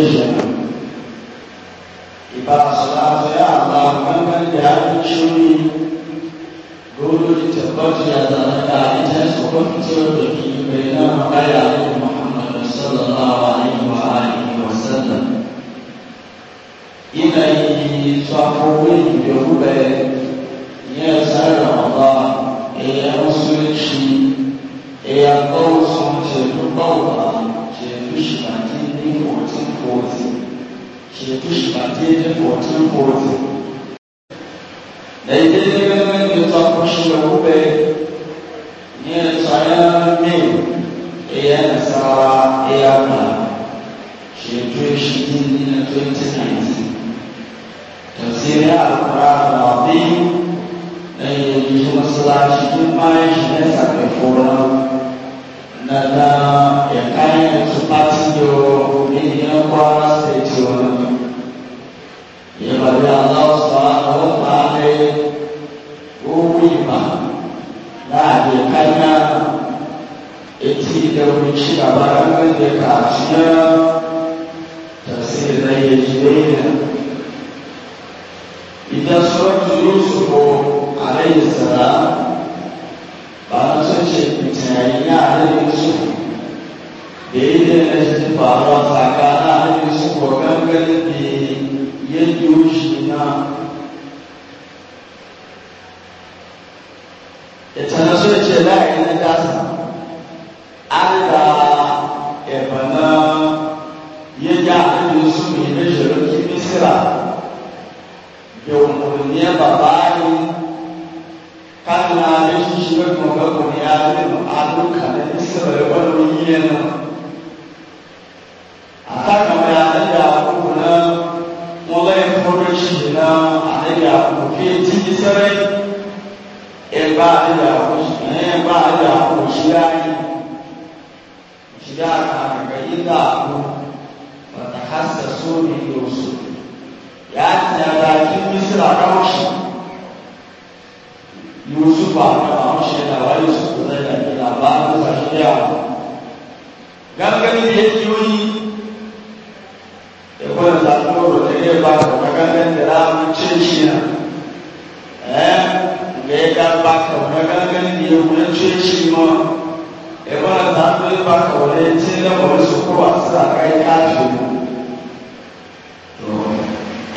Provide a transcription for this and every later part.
condition. Ibarat salah saya Allah mengangkat dari curi guru di tempat dia dan kita sokong curi bagi mereka makaya Muhammad sallallahu alaihi wasallam. ini suatu yang diubah shi ba daidai da watan kotu daidai da ganin da ta kwashe da rube ne da tsaya mai iya nasara iya ma shekaru shi din 2019 tafsirin alkura da mafi da yanzu masalaci duk bayan shi na sakamakon na na ya kayan su pati ìpàdé aláwọ̀sọ̀ àwọn ààrẹ owó ìmà láàrin kányá etí ìdẹ̀wò ìṣe àbára lóde káàkiri tàbí ìdáyé é yẹn. ìdásọ́jú yóò ààrẹ ìsàlá bàbá tó ṣe ìtàn ẹ̀yìn ààrẹ yóò da yi da na shi faruwa yadda wuce na ita na so ce la'ayi na dasa an da ebana yadda hannun su mai na shirin misira da umarni ba bayan kan na rikin shirin magagwani ya zai ma'aluka na misira da ti là ká wọ́n ṣe yusuf àkàrà wọ́n ṣe là wá yusuf lẹ́yìn àti là bá tó ṣàṣeyà gángan ní ilé tí ó yí ẹ̀kọ́ ìsàkóso rẹ̀ lẹ́yìn bá kọ̀ọ̀kan gángan ní ìlà àwọn tí ó ṣe náà ẹ̀ ǹgẹ̀ ẹ̀ka bá kọ̀ọ̀kan gángan ní ìwé tí ó ṣe mọ́ ẹ̀kọ́ ìsàkóso bá kọ̀ọ̀kan tí ó lẹ́kọ̀ọ́ ìsòkòrò àti àkàyíká ṣe mọ́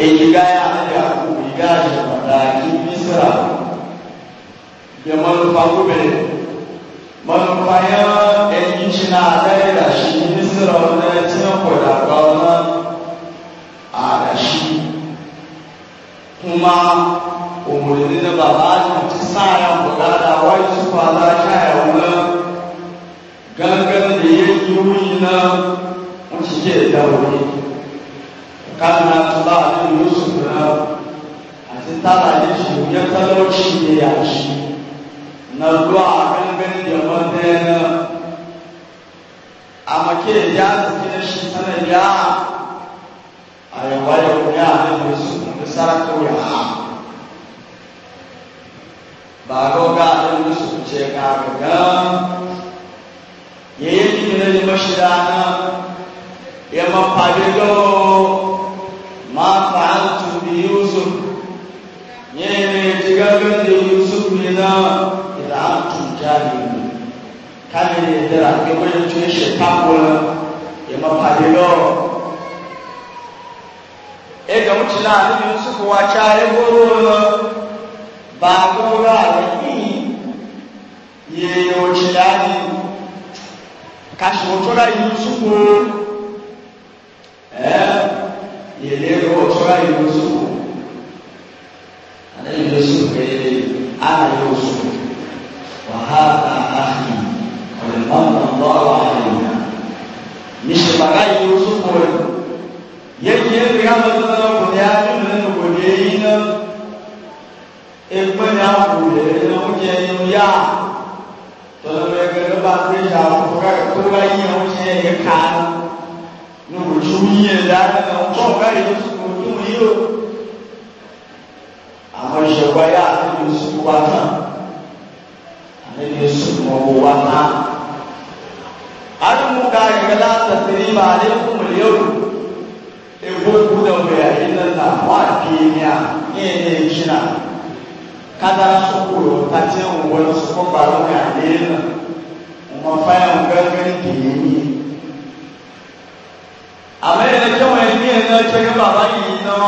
èyí gáyà gashin madakin misra da manufa gube manufa ya ɗanyi shi na ɗaya da shi misra wani cikin kwadaba wani a da shi kuma umarni na babajin ci sa yan bukata wai su fada shaya wani gangan da ya yi wuri na wuce ke da wuri kana tula a yusuf na títàlà yìí yẹ tọ́lọ́ ṣì yẹ àṣì na lu àgbẹ̀ngbẹ̀ yọmọ dẹ́nà àmàkè yá tìkẹ́ ṣì sẹ́nà yá àyẹ̀wò ayẹ̀wò yá àlejò sùn ní sárakó yá bàbá ga àlejò sùn jẹ gàgàgà yẹ́yẹ́ tìkẹ́ ní mọ́ṣẹ́dá náà yẹ mọ́ pàdé lọ́wọ́ máa fàá tù bí yóò. na ìdá àtúntà nìyí káàdì ní ìdẹ́rà gẹ́gẹ́ bí tún ṣe pápó lọ ìmọ̀ pàdé lọ. ẹgbẹ́ mú ti náà níbi yusufu wa kya ẹgbọ́rọ́ lọ bá a gbọ́rọ́ rẹ̀ yìí yẹ ọ̀ṣẹ̀ láti kàṣùwọ̀tọ́ rà yusufu ẹ̀ yẹ lẹ́rọ̀ ọ̀tọ́ rà yusufu. Àlẹ́ yusufu kẹ́lẹ́ lẹ́yìn. على يوسف وهذا أخي قد الله علينا مش بقى يوسف ولد yake yin riga masu zama ku ya yi nan ku ne yi nan ikpe ya ku ne yi nan ku ne yi ya to na mai wa kan ale de sunɔgɔ wo wa kan alimu ka yɛlɛla sɛtiri ma ale kumuli yɛ o efo kuta o yɛ ayi na ta wa kenya nye ne jina kada sokoro kati wɔlɔ sokɔba lɔ ka ale na wɔn fa yɛ wɔn gɛgɛ ni kenya àmọ́ ẹ̀rẹ́ tí wọ́n ẹni ẹ̀rẹ́ tí wọ́n bàbá yìí náà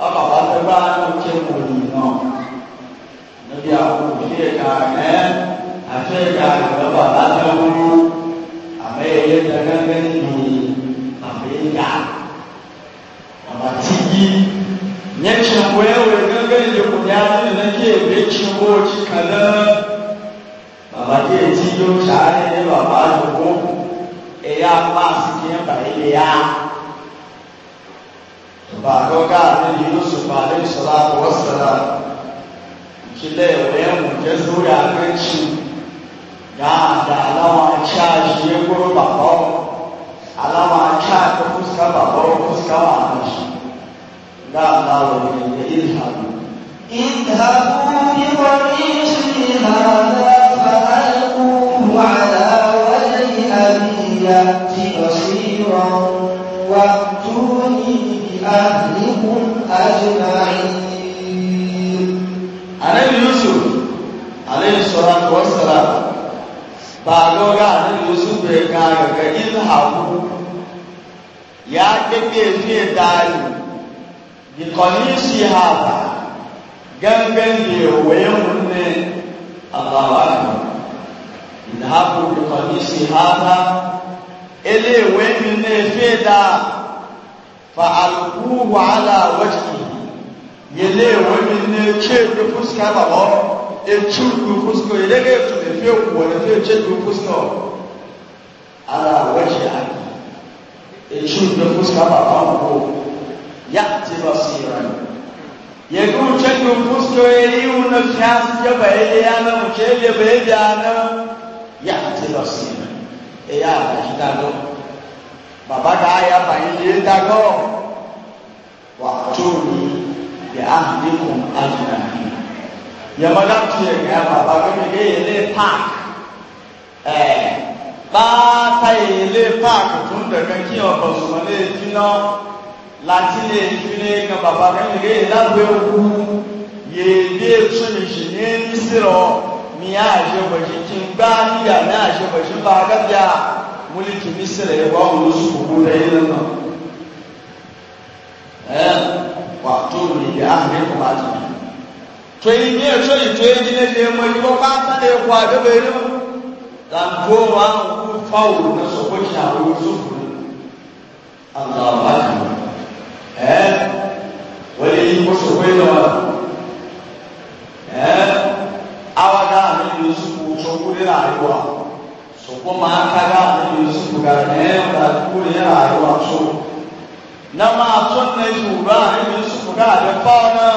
ọ bàbá tó bá ló jẹ́ òní náà ẹbí àwọn òṣìṣẹ́ ẹ̀ka ẹ̀ àṣẹ ẹ̀ka ìjọba aláṣẹwúrú àbẹ́yẹ gẹ́gẹ́ ní àbẹ́yà ọ̀nà tí yí nyɛ kyimbo yɛ wɔ gɛgɛ yi ko nyaa ne na kye ebe kyimbo kyi kana baba kye eti yi o kyaa ne ne baba adogo eya paasi kye ba ele ya baako kaa ne yi o so ba ne sɔrɔ akɔ sɔrɔ kila yawayen wuce zuwa kanci ga da alama cha shi ya guru babawa alama cha ta fuska babawa fuska wa kanci ga alama ne da ilhamu اذهبوا بقميصي هذا فألقوه على وجه أبي يأت بصيرا وأتوني بأهلكم أجمعين salatu wassalam ba ga ga annabi yusuf ya ga ga in haku ya kake fiye dari bi qamisi hada gangan da wayan munne Allahu akbar in haku bi qamisi hada ele wayan ne fiye da fa'alquhu ala wajhi yele wayan ne ce da fuska etu dufusko yedege etu efi ewu efi eche dufusko ala wɔkye ano etu dufusko ama pampo ya te ba si yɛrɛ no yɛde wotwa dufusko eyi wo no fiase yɛ ba eyi ano wotwa eyi ba eyi ano ya te ba si yɛrɛ eya akita do baba ka aya ba yi yɛ da kɔ wa to ni yɛ ahadi kun adi na yi yamada tiɛ ŋa baba kɔmi ke yele paak ɛɛ eh, baata yele paak tun daga ki yɔ basuma ne fina lati ne fina ŋa baba kɔmi ke yela wewu yele tuni zine misirɔ mi a zɛ bɔsi ti gba ni ya ne a zɛ bɔsi baaka bia muli ti misirɛ ye eh, wa wolo sugu da yele ma ɛɛ wa to wuli ya ne ko ba ti mi to yi ne to yi yi gine da yamma yi ba ta da ya kwaga bai ne zantowa ku fawo na su kwaki a wuzu Allah ba ki eh wani yi ko su kwai da wani eh awa ga ni ne su ku to ku da rayuwa so kuma aka ga ni ne su ku ga ne da ku da rayuwa so na ma tun ne su ba ni su ku ga da fawo na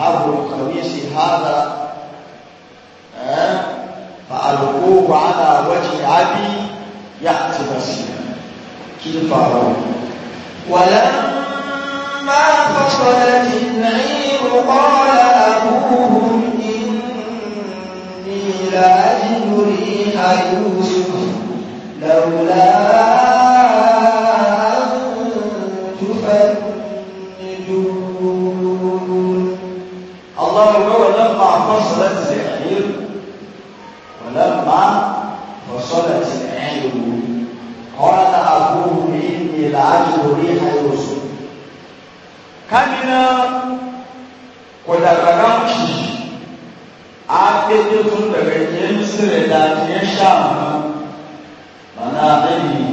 هبوا القميص هذا آه، فألقوه على وجه أبي يأتي بصيرا كيف أروه ولما فصلت النعيم قال أبوهم إني لأجد ريح يوسف لولا الله ولما فصلت العير ولما فصلت العير قال أبوه إني لعجل ريح يوسف كمنا قد رمشي أكيد تندر يمسر لكن شام مناقبي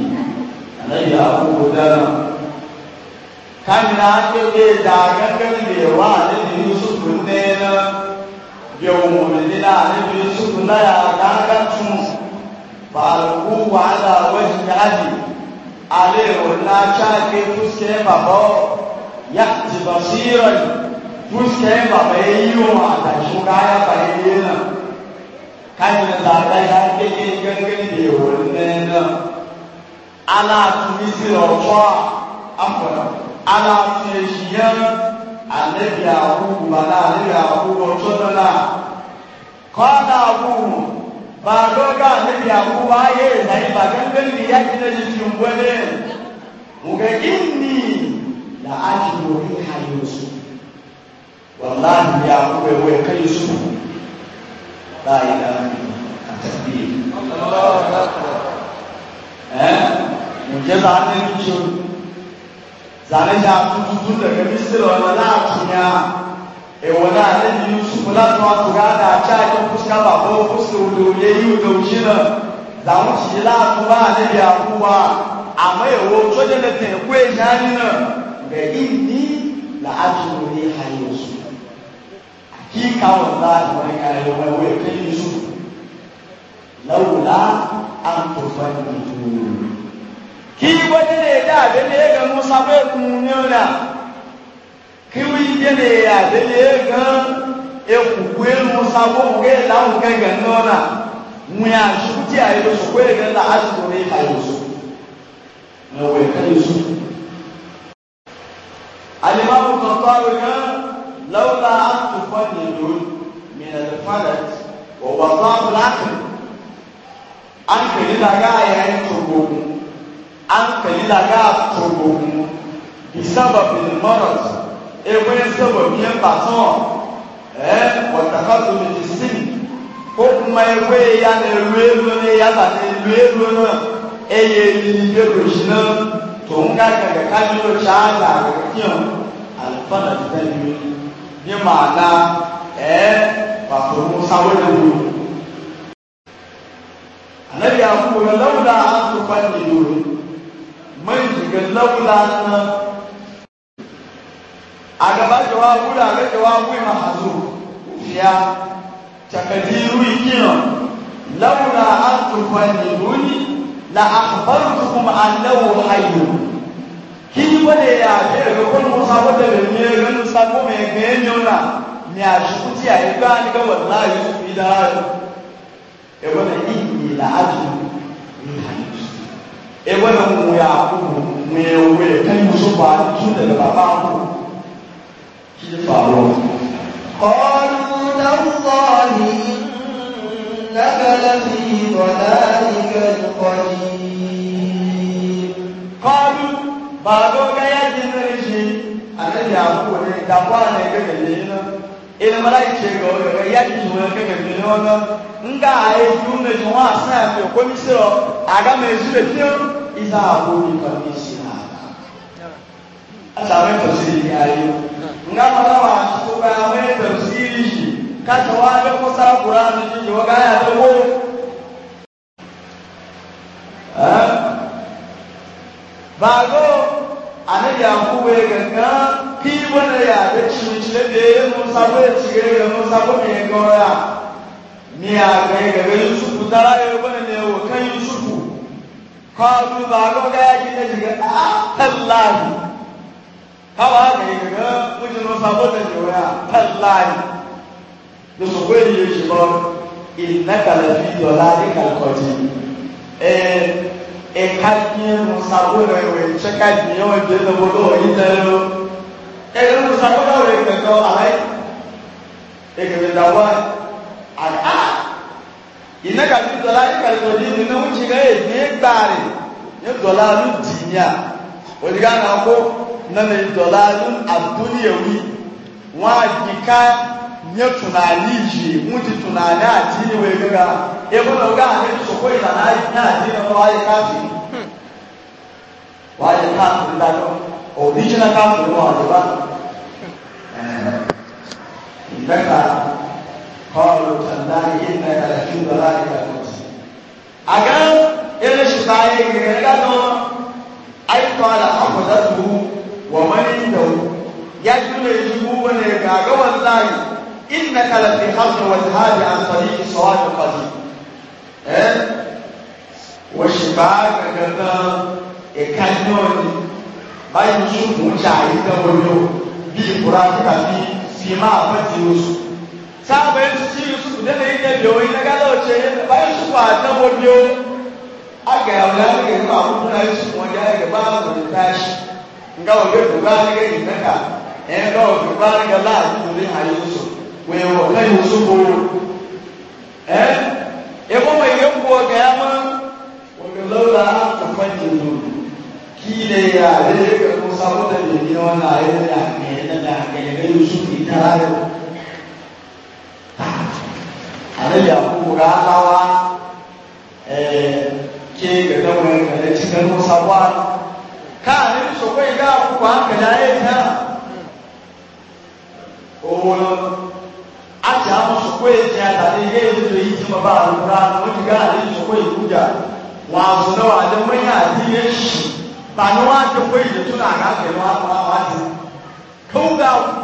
علي أبوه دم كمنا أكيد دعنا كمنا وعلي يوسف النبي na yau mummuni na alibi su na ya gangatun ba alku wa ala wajen yaji alewar na shaƙe fuske baba ya ji basiran fuske baba ya yi wa da shuga ya bayyana kan da zaɓa ya ƙiƙi gangan da anabi akubu bana anabi akubu ọtọdọ náà kọ́ńtà akubu bàdọ́gà anabi akubu ayé ìdáyé bàgẹ́gẹ́ ní ìyá jìnnà ti fi wọlé mùgẹ́gì ní la ájì ní orí ayé oṣù wàlá anabi akubu ẹ̀wọ̀ ẹ̀ka oṣù láàyè dàmí àtàbí ẹ̀ ǹjẹ́ bá a ní ní tí o zane ja tutu daga misir wani lafiya e wani alaji yusuf latuwa su gada a cakin fuska ba ko fuska wudo ya yi gaushi na zamu ci lafi ba a nabi akuwa amma ya woto da na teku ya shani na ga inni la ajiyo ne hanyar su hakika wanda a wani kayan wani wani kan yusuf laula an tufan da ki wani ne da abele ga musa bai kunyona ki wije ne ya abele ga ekukwe musa ko ge la un kan ga nona mu ya shuti a yo su kwe ga la asu ne ka yo su na we ka yo su alimamu kantaru ga laula an tufannidu min al-falaj wa wada'u al-aql an kiri daga yayin turbo hankali la ga togo mu bisababin maras ewe sababi ya baton eh watakatu min sin ko kuma ewe ya na elu elu ne ya na elu elu na eye libe roshina to n ga gaga kaji lo sha na kiyan alfana ta yi ni ma'ana eh ba to mu sawo da mu annabi ya kuma laula an tufanni dole mai shiga laula na a gaba jawabu da ga jawabu ma hazo ya takadiru kina laula an tufaniruni la akhbartukum annahu hayyun kini wale ya ke ga kun musa wata da ne ganin sako mai gaye ne ona ni a shuti a ga ni ga wallahi su bi da e wala inni la ajru ewe na mu ya akubu mu ya ewe kan yi so ba tu da baba ku ki da faro qalu nallahi innaka lafi dhalalika alqadim qalu ba do ga ya ji ne shi anan ya ku ne da ba ne ga ne na ilmara ce ga ya ji ne ga ne na nga ayedu na ju wa san e mi ko mi se o aga me ju le ti o iza abu ni ka mi si na asa me to si ya yo nga ma la wa su ba me to si ji ka to wa de ko sa qur'an ni yo ga ya to wo eh? bago ana ya ku we gangan ki wona ya de chi chi le de mo sa we chi le mo sa ko me ya ni a gani daga yusufu ta rayu wani ne wa kan yusufu kwanu ba ga ga ya gina shiga a ah, tallahi hawa ga yi gaga wajen wasa wata jawaya tallahi da su kwai yi shi ba inna kalafi dola ne kalkoti eh eh kakiye musa wani wai cika ne yawan jirgin e wani tare eh musa wani wai gaga alai eh gaga da wani al'an ina ka fi dɔla yi kari kɔdi ni ne ŋutsi ka ye ne gbaari ne dɔla lu diinya o de ka na ko ne ne dɔla lu abuniyewi wọn adi ka nye tunani yi ŋutsi tunani ati ni wo eke ka ebo na o ka ne soko yi na na yi na adi na wa yi ka fi wa yi ka fi da lɔ o bi jina ka fi lɔ a ti ba ɛɛ n bɛ ka. قالوا تالله إنك لفي ضلالك المبين أجل إلى شفاعي من الجنة أي قال أخذته ومن عنده يجب يجيبه من يقاق والله إنك لفي حظ والهاد عن طريق الصواب القديم إيه؟ والشفاعة كذا إكانوني báyìí tún mú jà yìí dẹ́wọ́ yóò bí ìkura sáàbà yẹn ti yusufu dẹ́nà yìí dẹ́bi òun yìí lẹ́gàdọ̀ ọ̀kyẹ́ yẹn bá yusufu àdánwò bí ó agẹ̀ ọ̀lẹ́ agẹ̀ nípa àkókò náà yusufu wọn yà agẹ̀ bá àbò ní táyì nga ọ̀gẹ̀ dùgbà nígẹ̀ yìí mẹ́ka ẹ̀ nga ọ̀gẹ̀ dùgbà nígẹ̀ láàbù ní ha yusu wọ́n yẹ wọ́n lẹ́yìn yusufu ẹ̀ ẹ̀fọ́ mọ̀ yẹ kú ọ̀gẹ̀ yà mọ́ ọ̀gẹ̀ lọ́la àkàfà jìnnú kí ilẹ̀ yà lẹ́yìn kẹ́kọ̀ọ́ sábọ̀ tẹ̀lé ní ọ̀nà ayé annabi yakubu ga alawa ke ga gawar kare cikin musa ba ka ne so kai ga ku haka da yayi ta o a ti ha so kai ta da ne ga yi to yi kuma ba alura no ti ga ne so kai kuja wa so na wa da mun ya ji ne shi ba ni wa ta kai da tuna ga ke wa wa wa ko ga ku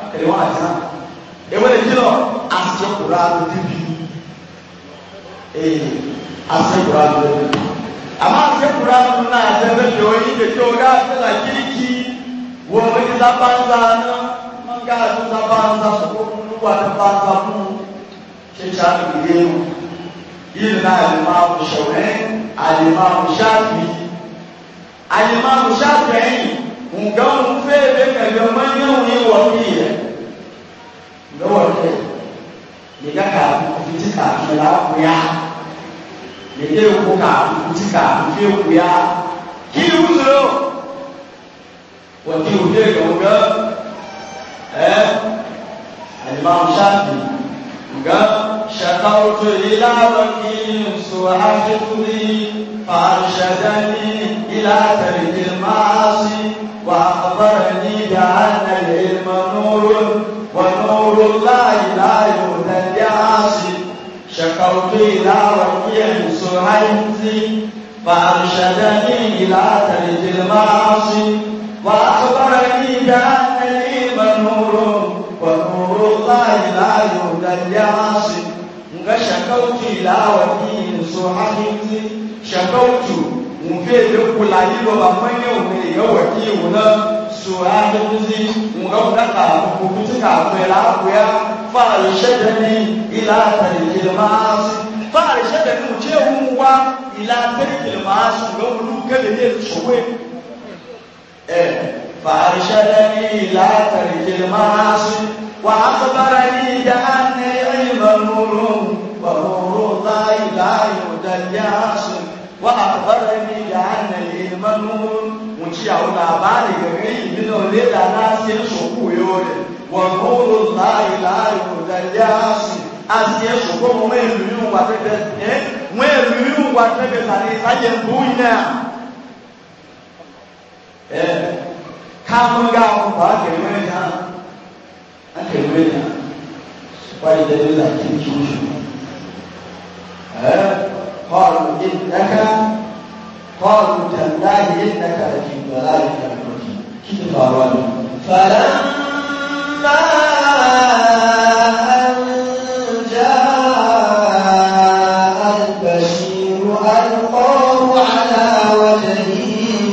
aka wa ta ewele jilɔ asɛ kura do bibi ee asɛ kura do bibi ama asɛ kura do na asɛ bɛ lɛ o yi tete o ka fɛ la kiriki wo o ti la banza na manga ti la banza soko nu wa ti banza mu tsetse a ti gbé mu yìí na alima musɔwɛ alima musafi alima musafi yi nga ŋun fɛ bɛ kɛlɛ mɛ nyɛ ŋun fi yɛ lọ́wọ́ rẹ̀ lè ká kààfù fi ti kààfù yẹn láàpù yá lè dé òkú kààfù fi ti kààfù fi òkú yá kí ni wọ́n sọ̀rọ̀ wọ́n ti òkú yẹn kàn wọ́n ẹ́ alimami sáàbì nǹkan ṣàkàwọ́tò ìlànà kí n sọ àṣetúrí fàṣẹdẹ́ni ìlànà ìdè máa sí wà àbọ̀rẹ̀ ní ìyá ànàlẹ́ ìmọ̀ nùrù. ونور الله لا يهدى لعاصي شكوت إلى ربي سهيمتي فأرشدني إلى ترك المعاصي وأخبرني بأنني منور ونور الله لا يهدى لعاصي شكوت إلى ربي سهيمتي شكوت mo fẹ́ lé kula yìí lọ́ba mọ́nyẹ́ òun èèyàn wọ̀ kí ìwò náà sura tukuzi ngauka kukutika kwela kuya fara shedani ila tarikil maasi fara shedani muje umwa ila tarikil maasi ngaulu kele ne sowe eh fara shedani ila tarikil maasi wa akhbarani da anni ilma nurun wa nuru la ilaha illa yasin wa akhbarani da anni ilma nurun kishiya labari game yi bino ne da na sai su kuyo ne wa nuru la ilaha illa yasi asiye su ko mu mai ruyu wa tebe eh mu ruyu wa tebe sare saje buina eh ka mun ga mu ba ke mai ta ake mai ta wani da ne da kin shi eh قالوا إنك قالوا تالله انك لفي ضلالك المبين كيف على وجهه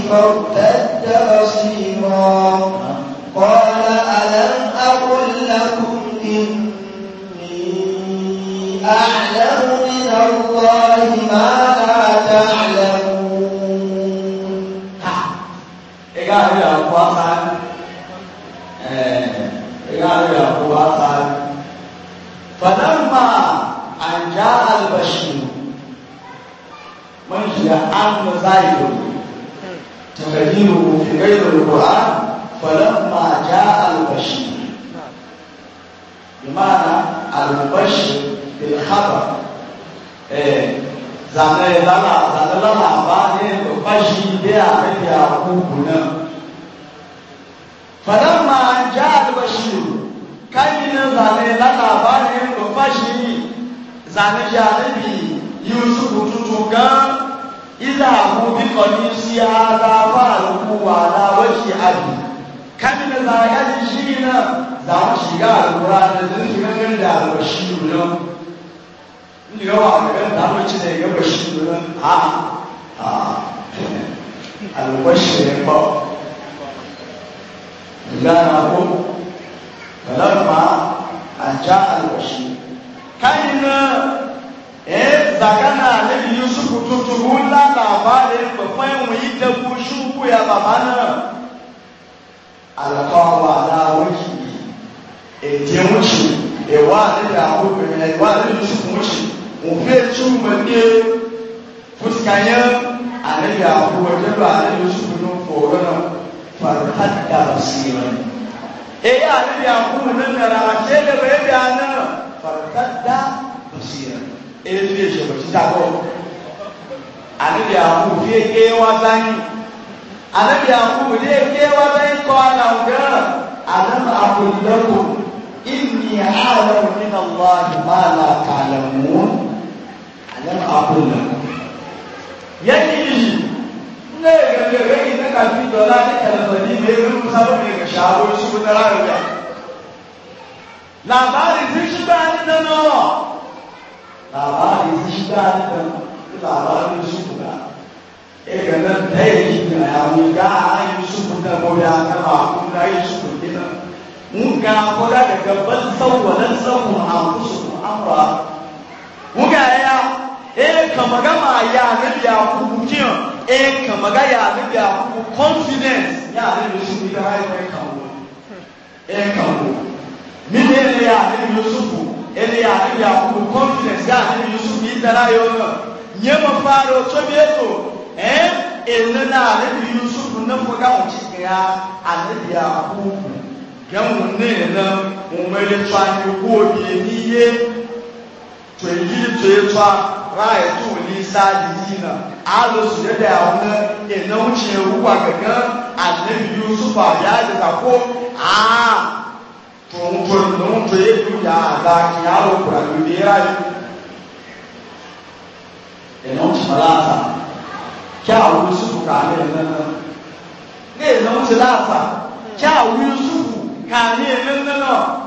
فارتد na lóbi ka sharo su ku tara ya labari zai shi no labari zai shi da ni da labari su ku da e ga nan dai shi da ya mu ga ai su ku da ko ya ka ba ku da ai su ku da mun sawwa a kusu amra mun ga e kamaga ma ya ne bi akubu kiyan e kamaga ya bi akubu confidence ya ne bi su bi ka ha e kan wo e eh, kan wo mi ne ne ya ne bi su bu e ne ya ne bi akubu confidence ya ne bi su bi dara yo na nye ma fara o to eto eh ele na ne bi su bu ne mo ga o chi ya ne bi akubu gẹ̀mù ní ìlànà òun mẹ́lẹ́tọ́ àyẹ̀wò òbí ní iye to yi to yi twa ra'ayi to wuli sadi yi na alo su da da yawon ke na wuce ruwa gaga annabi a to mutum na mutum ya yi ya da ki ya lo kura yi da ya rayu ke a wuri su fuka ne nan nan ne na wuce lata a wuri su fuka ne nan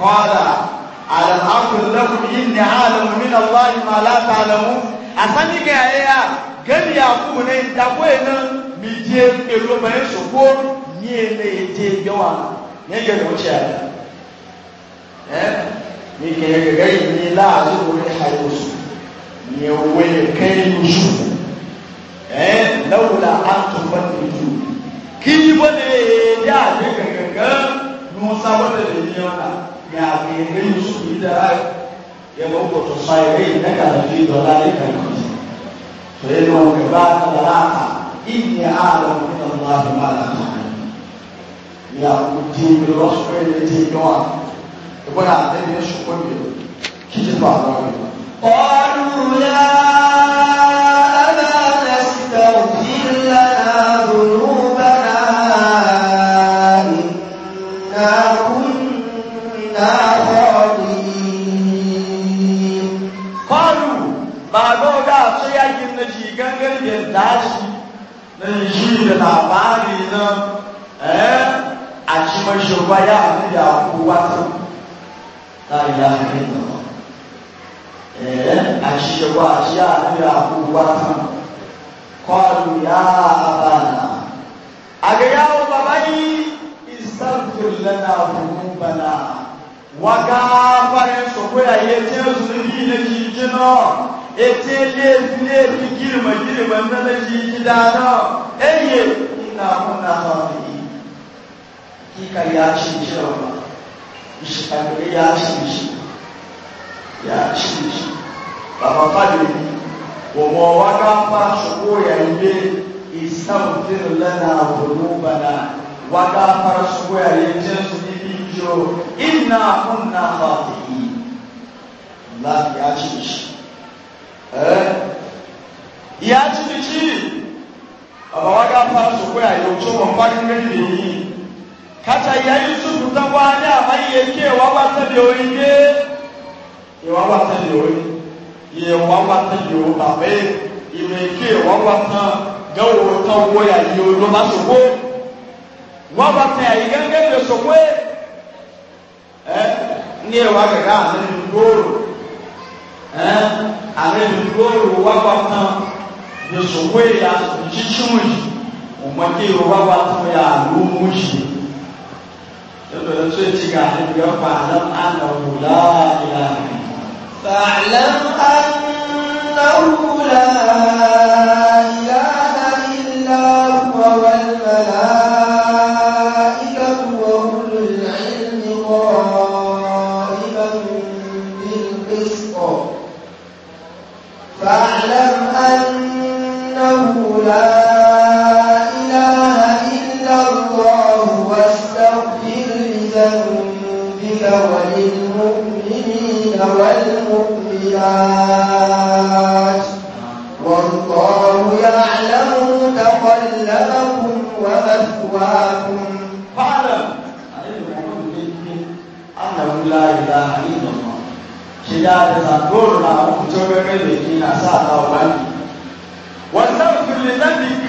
قال ألم أقل لكم إني أعلم من الله ما لا تعلمون أسامي كأيا كم يعقوبنا يتقوينا ميجي إلوما يسوكو يين يجي جوانا يجي نوشي ni kẹ̀kẹ́ ni láàzúrò ní àìwòsù ni owó ẹ̀kẹ́ ìlúṣù ẹ́ lọ́wọ́lá àtúnbọ̀ nìjú kí wọ́n lè yẹ àgbẹ̀kẹ̀kẹ́ ní wọ́n sáwọ́lẹ̀ lè ní ọ̀nà ga mai musu da ya mabuta sai na karfi da lalika to yi wa ka ba ka da haka inni alamu min Allah ma la ta'lamu ya kuti bi rasul da ji dawa to e ba da ne shi ko ne kiji ba ba qalu ya aba nastaghfir dangin dashi na é a da labari aí a ci mashi ya abu da a ta ta a hakin da eh, ba a ci shagwa a ci abu da kowa ta kwalu ya abana a ga na babayi istanbul lana hukumana waka fayin sokoya ya ce su ne na jijina ete lefi lefi girma girma na na shi gidana eye ina muna hafi kika ya ci shi rawa shi kagbe ya ci shi ya ci shi baba fadi ọmọ wa ká bá ṣòwò yà ilé ìsàmùtìrì lẹ́nà àbòrò bana wa ká bá ṣòwò yà ilé jésù níbi ìjọ ìnà muna hafi ya ci Eh? ìyá jìbìtì bàbá wa ká fara sòkò yà yóò tó wọn fáwọn ẹgbẹ́ yìí kàtà ìyá yusuf dáwọ́ ní àbáyé kí ẹ̀wá wá tẹ̀lé orin dé ẹ̀wá wá tẹ̀lé orin ẹ̀wá wá tẹ̀lé orin bàbá ìmọ̀ èké ẹ̀wá wá tán gẹ́wò tán wọ́ yà yìí o ló bá sòkò wọ́n tẹ̀ àyè gẹ́gẹ́ bẹ̀ sòkò ẹ̀ ní ẹ̀wá gẹ̀gẹ́ àná ìlú lóòrò ale dukuro wakwa kan yosowo ya ntitun yi omɔdé wakwa kan ya alomu yi yọtọ yẹ tó ti ka ẹgbẹ ọkpa alam anahu la ilaha. fàlẹ́ anahu la na dole na hukuncin rere da ke na sa ta wani wannan fili na dik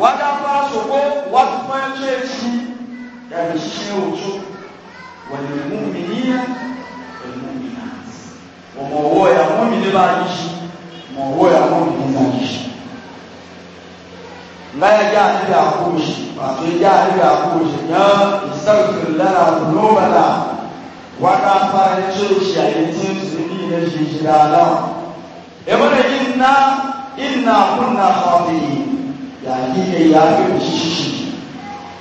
wada ba su ko wasu fance shi daga shi wucu wani mumini ya wani mumina wa mawo ya mumini ba yi shi mawo ya mumini na yi shi na ya ja ni da kushi ba su ya ni da kushi ya isar kirlara zunubala wada fara ce shi a yi tinsu yẹ ṣèṣì dáadáa ẹ̀wọ́n yìí ná ìnà kúnà kọ́ọ̀bì yàtí ẹ̀yà yóò ṣíṣì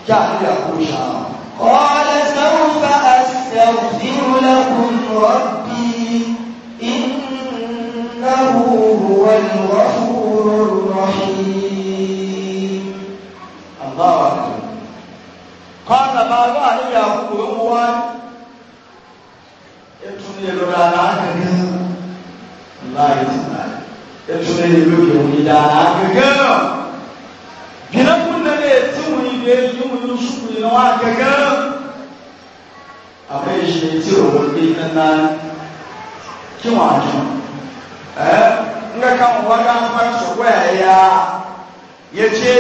kí àti àkóṣà. ọ̀rẹ́ sẹ́wọ́n bá a ṣẹ̀wọ̀n sínú lẹ́kùn rọ́bì ìnáwó wọ́n rọ́fúrú rọ́bì. الله قال بابا يا láì tì láì ètò lẹ́yìn lókè òní dáadáa gẹ́gẹ́ náà bìnnà fún nàlẹ́ tí wọ́n yìí lé yìí wọ́n yìí sùkú yìí náà wà gẹ́gẹ́ àmọ́ ìṣe tí òun ní nana kí wọ́n àjọ ẹ́ nga ka wọ́n wọ́n kàn fún ẹ̀sọ̀kọ́ ẹ̀ yá yẹ tí ẹ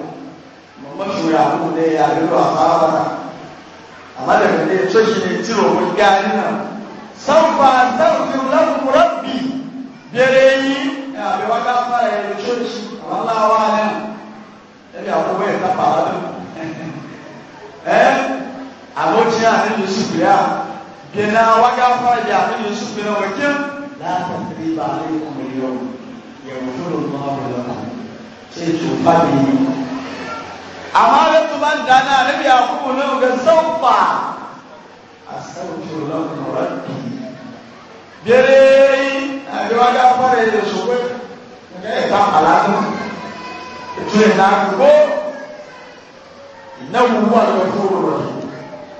dé mafi yahu ne ya riro a mawara amma da ne so shi ne tiro mun gani nan san fa san fi lafu rabbi bere yi ya bi wata fara ya da so shi wallah wa nan da ya ko bai ta fara eh abokin a ne su biya gina waga fara ya ne su biya wakin la tasriba alaikum al-yawm yawm yawm tulul ma'a wa la sai tufabi amma da tuban da na rabi a kuku na ga saufa a sauki na rabbi bere eh, a jira ga fara da shugwe ga ya ta halatu ito ne na kuko na kuku a da kuku rabbi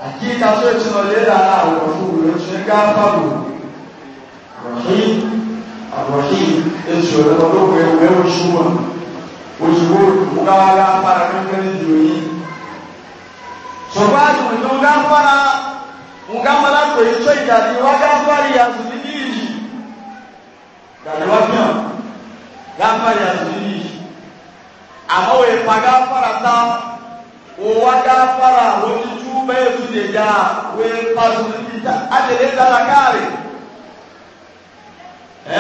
a kita so ya ci na lera na a kuku rabbi shi ga faru rahim a rahim ya ce wani wani wani wani òṣìwò ògáwá lápára ló ń kẹ́lẹ́ ìdìbò yìí. ṣùgbọ́n àtùmù ní ngáfárá ngáfárá pè é tó ìdàdí wá gáfárá yàtọ̀ ní yìí. dàdí wá fi hàn gáfárá yàtọ̀ ní yìí. àmọ́ òye pa gáfárá tá òwá gáfárá lójútú bẹ́ẹ̀ tún lè dá òye pa tó ní ìdá àtẹ̀lé dára káàrí.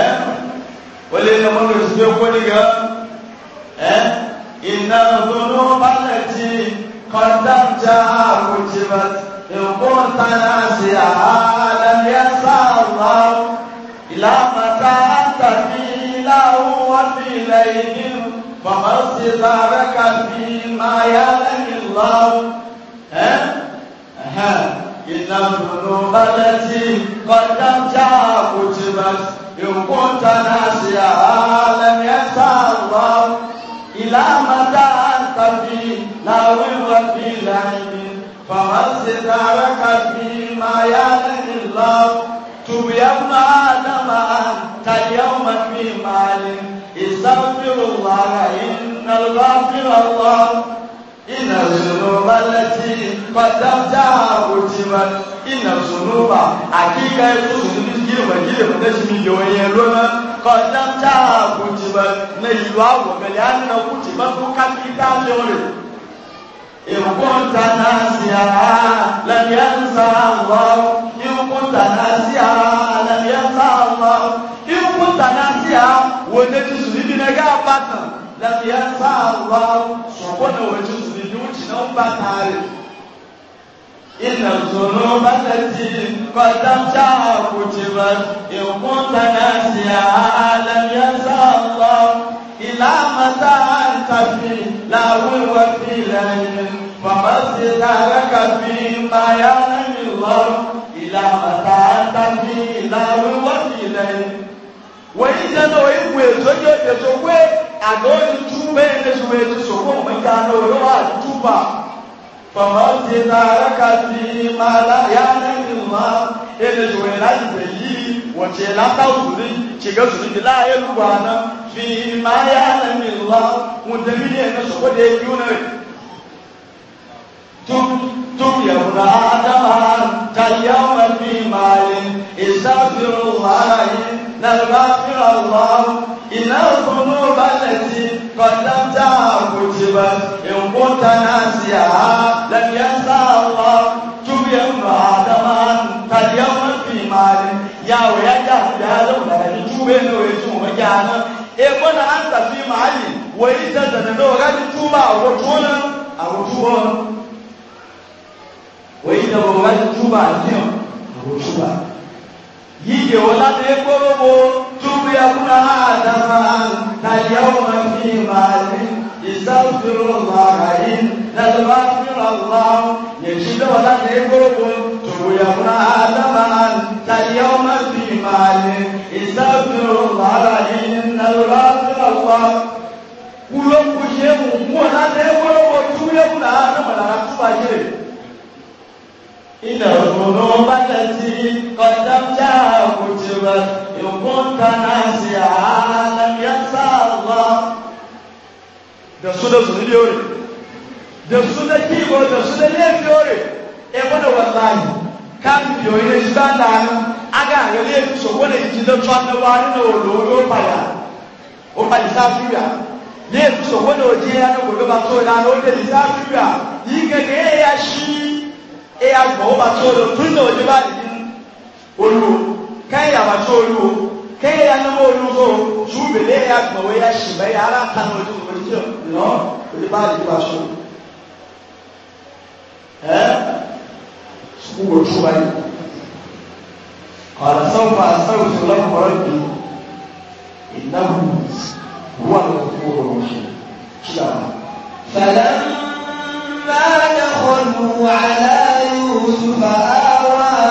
ẹ́ wọ́n lè lọ́mọ́ lóṣù tó kọ́ nígbà. إن الذنوب التي قدمتها كتبت إن كنت ناسيها لم ينسى الله إلى متى أنت في له وفي ليل فما استدارك فيما يعلم الله إن الذنوب التي قدمتها كتبت إن كنت ناسيها لم ينسى الله ìlàmàdá tàbí làwíwá bí làyìnbí fàmásì dára kàbí máyà nílò tùbíyàmà àdàmà tàyàmà bí màlì ìsàfihùwà ìnàlọ́fíwàwà ìnàzùnúbà lẹ́tí pàtàkì àwòtìmọ̀ ìnàzùnúbà àkíkà ètò ìsìnkú ìrìnàjò ìrìnàjò ìyẹn lónà kọjọ́ta kùtìmọ̀ ní ìlú àwọ̀gẹ̀lẹ̀ àná kùtìmọ̀ tó kápítà lórí. إن ناسيا لم ينسى الله إن كنت ناسيا لم ينسى الله إن كنت ناسيا ونجي سليبي نجا بطن لم ينسى الله سبحانه وتعالى ونجي سليبي وتشنو بطن إن الذنوب التي قدمتها كتبت إن كنت ناسيها لم ينسى الله إلى متى أنت في لهو وفي لين وما استدرك في ما يعلم الله إلى متى أنت في لهو وفي لين وإن سنة وإن ويزوجي بيزوجي أدوني توبة نسوي نسوي مكانو يوم توبة فمن تدارك فيما لا يعلم ما إلى جويلات بلي وجيلا تاوزي شيغا زوزي لا يلوانا فيما يعلم الله ودمني أنا شو بدي يوني تم تم يا ابن آدم أنت يوم في مال استغفر الله نغفر الله إنه الذنوب التي قدمتها كتبت إن كنت ناسيها لم ينسى الله تب يا ابن آدم أنت اليوم في مالك يا ويجا يا لولا تب يا ويجوم جانا إبن أنت في مالك وإذا تنبه وقد تب أوتونا أوتونا وإذا وقد تب أوتونا أوتونا yíyẹ ọlá ní gbogbo túbú ẹkúnra àdámà náyà ọmọ fi máa rí ìsáfìrò màrà yìí lẹ́lẹ́wà fìrà lọ yẹ̀jì ọlá ní gbogbo túbú ẹkúnra àdámà náyà ọmọ fi máa rí ìsáfìrò màrà yìí lẹ́lẹ́wà fìrà lọ. wúlọ́kùn yẹ́mu mú ọ̀nà ní gbogbo túbú ẹkúnra àdámà náyà إن الذنوب التي قدمتها كتبت إن كنت ناسيها لم ينسى الله da su da zunubi yore da su da kibo da su da laifi yore e wani wallahi kan biyoyi na shi ba na hannu aga ga laifi so wani ji da tsohon na wani na oloro faya o fa lisafiya laifi so wani e agbọ̀wọ́ bá tó lọ tún lọ ojú bá lè dín olúwo kẹ́yìn àbá tó olúwo kẹ́yìn anamọ́ olúwo ṣùgbẹ́lẹ́ e agbọ̀wọ́ ya ṣùgbẹ́ ya ara ta ní ojú ojú lọ ojú bá lè dín wá sọ. ẹ sukuu wo tó wáyé ọ̀rọ̀ sọ́kà sọ́kà tó lọ́kọ̀ ọ̀rọ̀ bí ìnáwó wà lọ́kọ̀ ọ̀rọ̀ ṣe kí làwọn. فلما دخلوا على يوسف آوى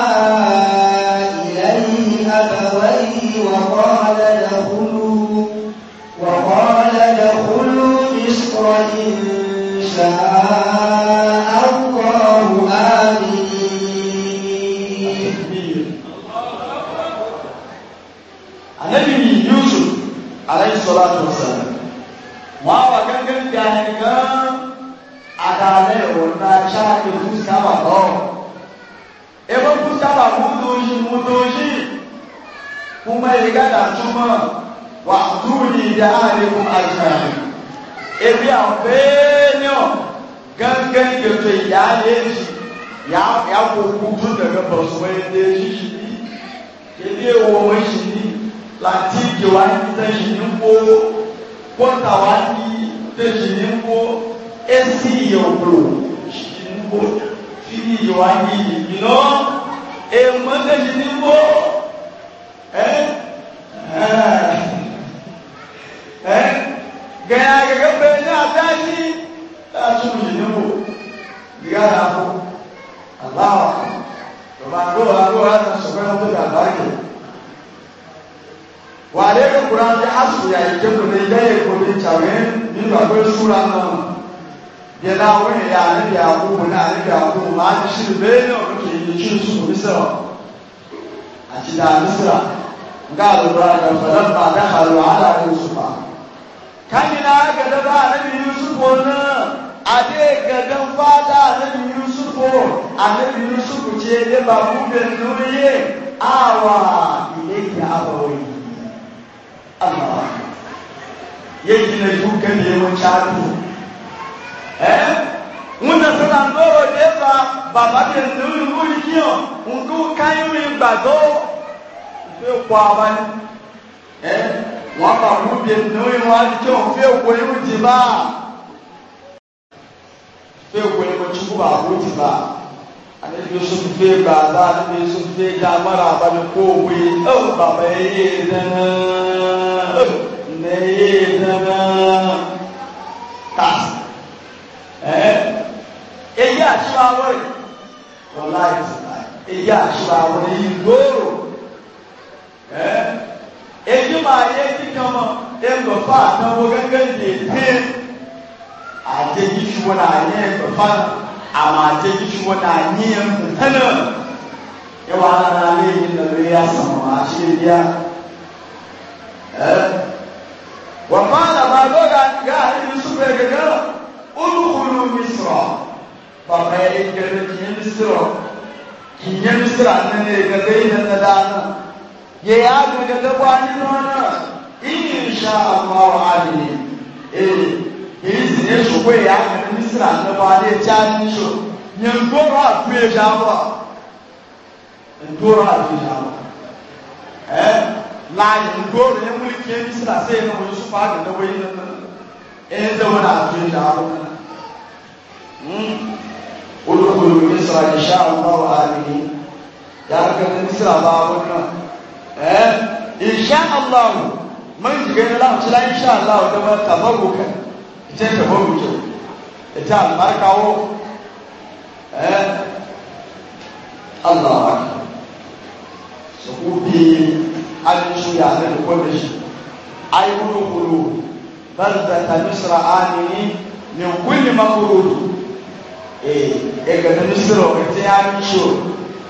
إليه أبويه وقال ادخلوا وقال ادخلوا مصر إن شاء الله آمين النبي يوسف عليه الصلاة والسلام ما وكان كان يعني كان adalẹ ọ̀nà ṣáàkì fún sábà bọ̀. Ewo fún sábà múdó yìí múdó yìí. Mo mọ ìgádà túmọ̀ wà dúró ìdá àlékún àjùmọ̀. Ebi àfẹ́ẹ́nìọ̀ gángan ìgbètò ìyá léjì yà wò kú tó dẹ̀gbẹ́ bọ̀ sọ ẹ̀ léjì yìí. Ebi ewo wọn yìí ni láti ìjọba ń tẹ̀yìn ní kó kóńtà wá ní tẹ̀yìn ní kó esi your bro shinbo fini your ayi you know emande shinbo eh eh, eh? gẹ́gẹ́ gẹ́gẹ́ bẹ́ẹ̀ ní àdáyé láti mú ìdíbò ìyá àbò aláwọ̀ tọ́ba àgbò àgbò láti sọ̀rọ̀ ẹ̀rọ tó dà báyìí. wà á lè kúra ní asùnyà ìjẹ́kùnrin lẹ́yìn ìkòlì ìtàwé nínú àgbẹ̀ ìṣúra náà ya na wurin ya alabi ya kuma na alabi ya kuma ma ta shi bai ne wa kake yi shi su misira a ci da misira ga alura da fadan ba da halu ala yusufa kan ina ga da ba alabi yusufo na ade gagan fada anabi yusufu anabi yusufu ce ne ba mu da nuriye awa ilayya abawai Allah yayi ne dukan yawan chatu ŋuna sɔrɔ anoro de ba baba de nuru nuru yiyɔ nku kanyi gbado fi kɔ aba ni ɛ wọn ba wu de nuru wọn adi tɛ wọn fi kɔ ewu ti ba fi kɔ ewu ti ba wu ti ba ale bi sun fi gbada ale bi sun fi da mara aba ni ko wi ɛ baba ye ye dana ɛ ne ye dana kasi èyí àṣìwá wọlé wọlá ìtura èyí àṣìwá wọlé ìgbòòrò èyí máa yẹ kíkan mọ ẹgbẹ̀fà àtàwọn gẹ́gẹ́ ní èdè àjẹjì ṣùgbọ́n náà yẹ ẹgbẹ̀fà àmà àjẹjì ṣùgbọ́n náà yẹ ẹgbẹ̀fà ẹwà ara lé nílẹ̀ yà sàmù àṣẹ yà wọ́n máa nà máa lọ́gà gáà ní sùpẹ̀ gẹ́gẹ́ rẹ̀ olùkúlù mísírọ bàbá yẹn kẹrẹ kìí mísírọ kìí nyẹ mísírọ nínú ẹgbẹ bẹyì nínú dáná yẹ yà á gbẹgẹ lẹbọ nínú ọ̀nà ìyí nṣà àmọ́ àdìní ee èyí sì ní ṣùgbọ́n yà á gbẹgẹ mísírọ lẹbọ adé ẹ̀já níṣọ nyẹ ndóró àfúyè ẹ̀já wà ndóró àfúyè ẹ̀já wà ẹ láàyè ndóró yẹ múlikẹ́ mísírọ sẹ́yìn náà wọ́n yóò sọ fún àgbẹ̀dẹ́wọ́ yìí nínú ɛnzɛ wɔn atwi daaro olùkòlù mi sọ àyíṣà ọgbà wà nìyí yàrá ní sílá bá wọn kan ẹ ìṣá aláwọ máa ń jìgẹ ńlá ọtí láyé ìṣá aláwọ tó máa tàbá wò kẹ ìtẹ tàbá wò jẹ ìtẹ àlùbáríkà wọ ẹ aláwọ sọkú بلدة مصر آمنين من كل مكروه إيه إيه مصر وقتي آمن شو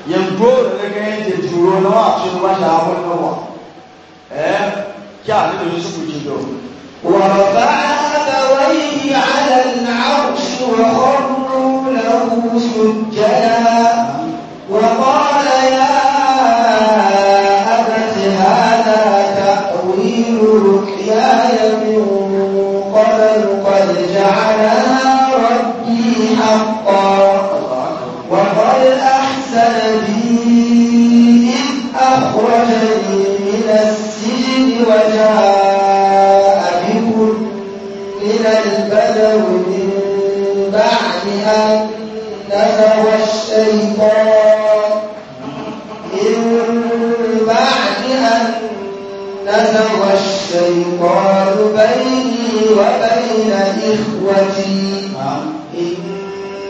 ينبور لك أنت تقولون وعشان وعشان أقول نوع إيه كان يوسف جدو ورفع أبويه على العرش وخروا له سجدا وقال حقا وقد أحسن بي إذ أخرجني من السجن وجاء بكم من البدو من بعد أن نزغ الشيطان من بعد أن نزغ الشيطان بيني وبين إخوتي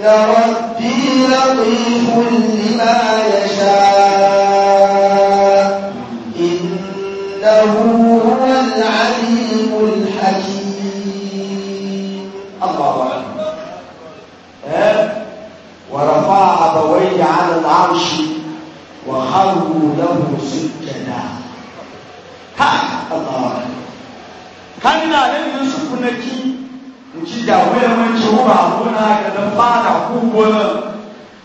إن ربي لطيف لما يشاء إنه هو العليم الحكيم الله أكبر ورفع أبويه على العرش وخروا له سجدا ها الله أكبر كان لا يوسف nci da muhimmanci ruba kuna ga dan fada kugona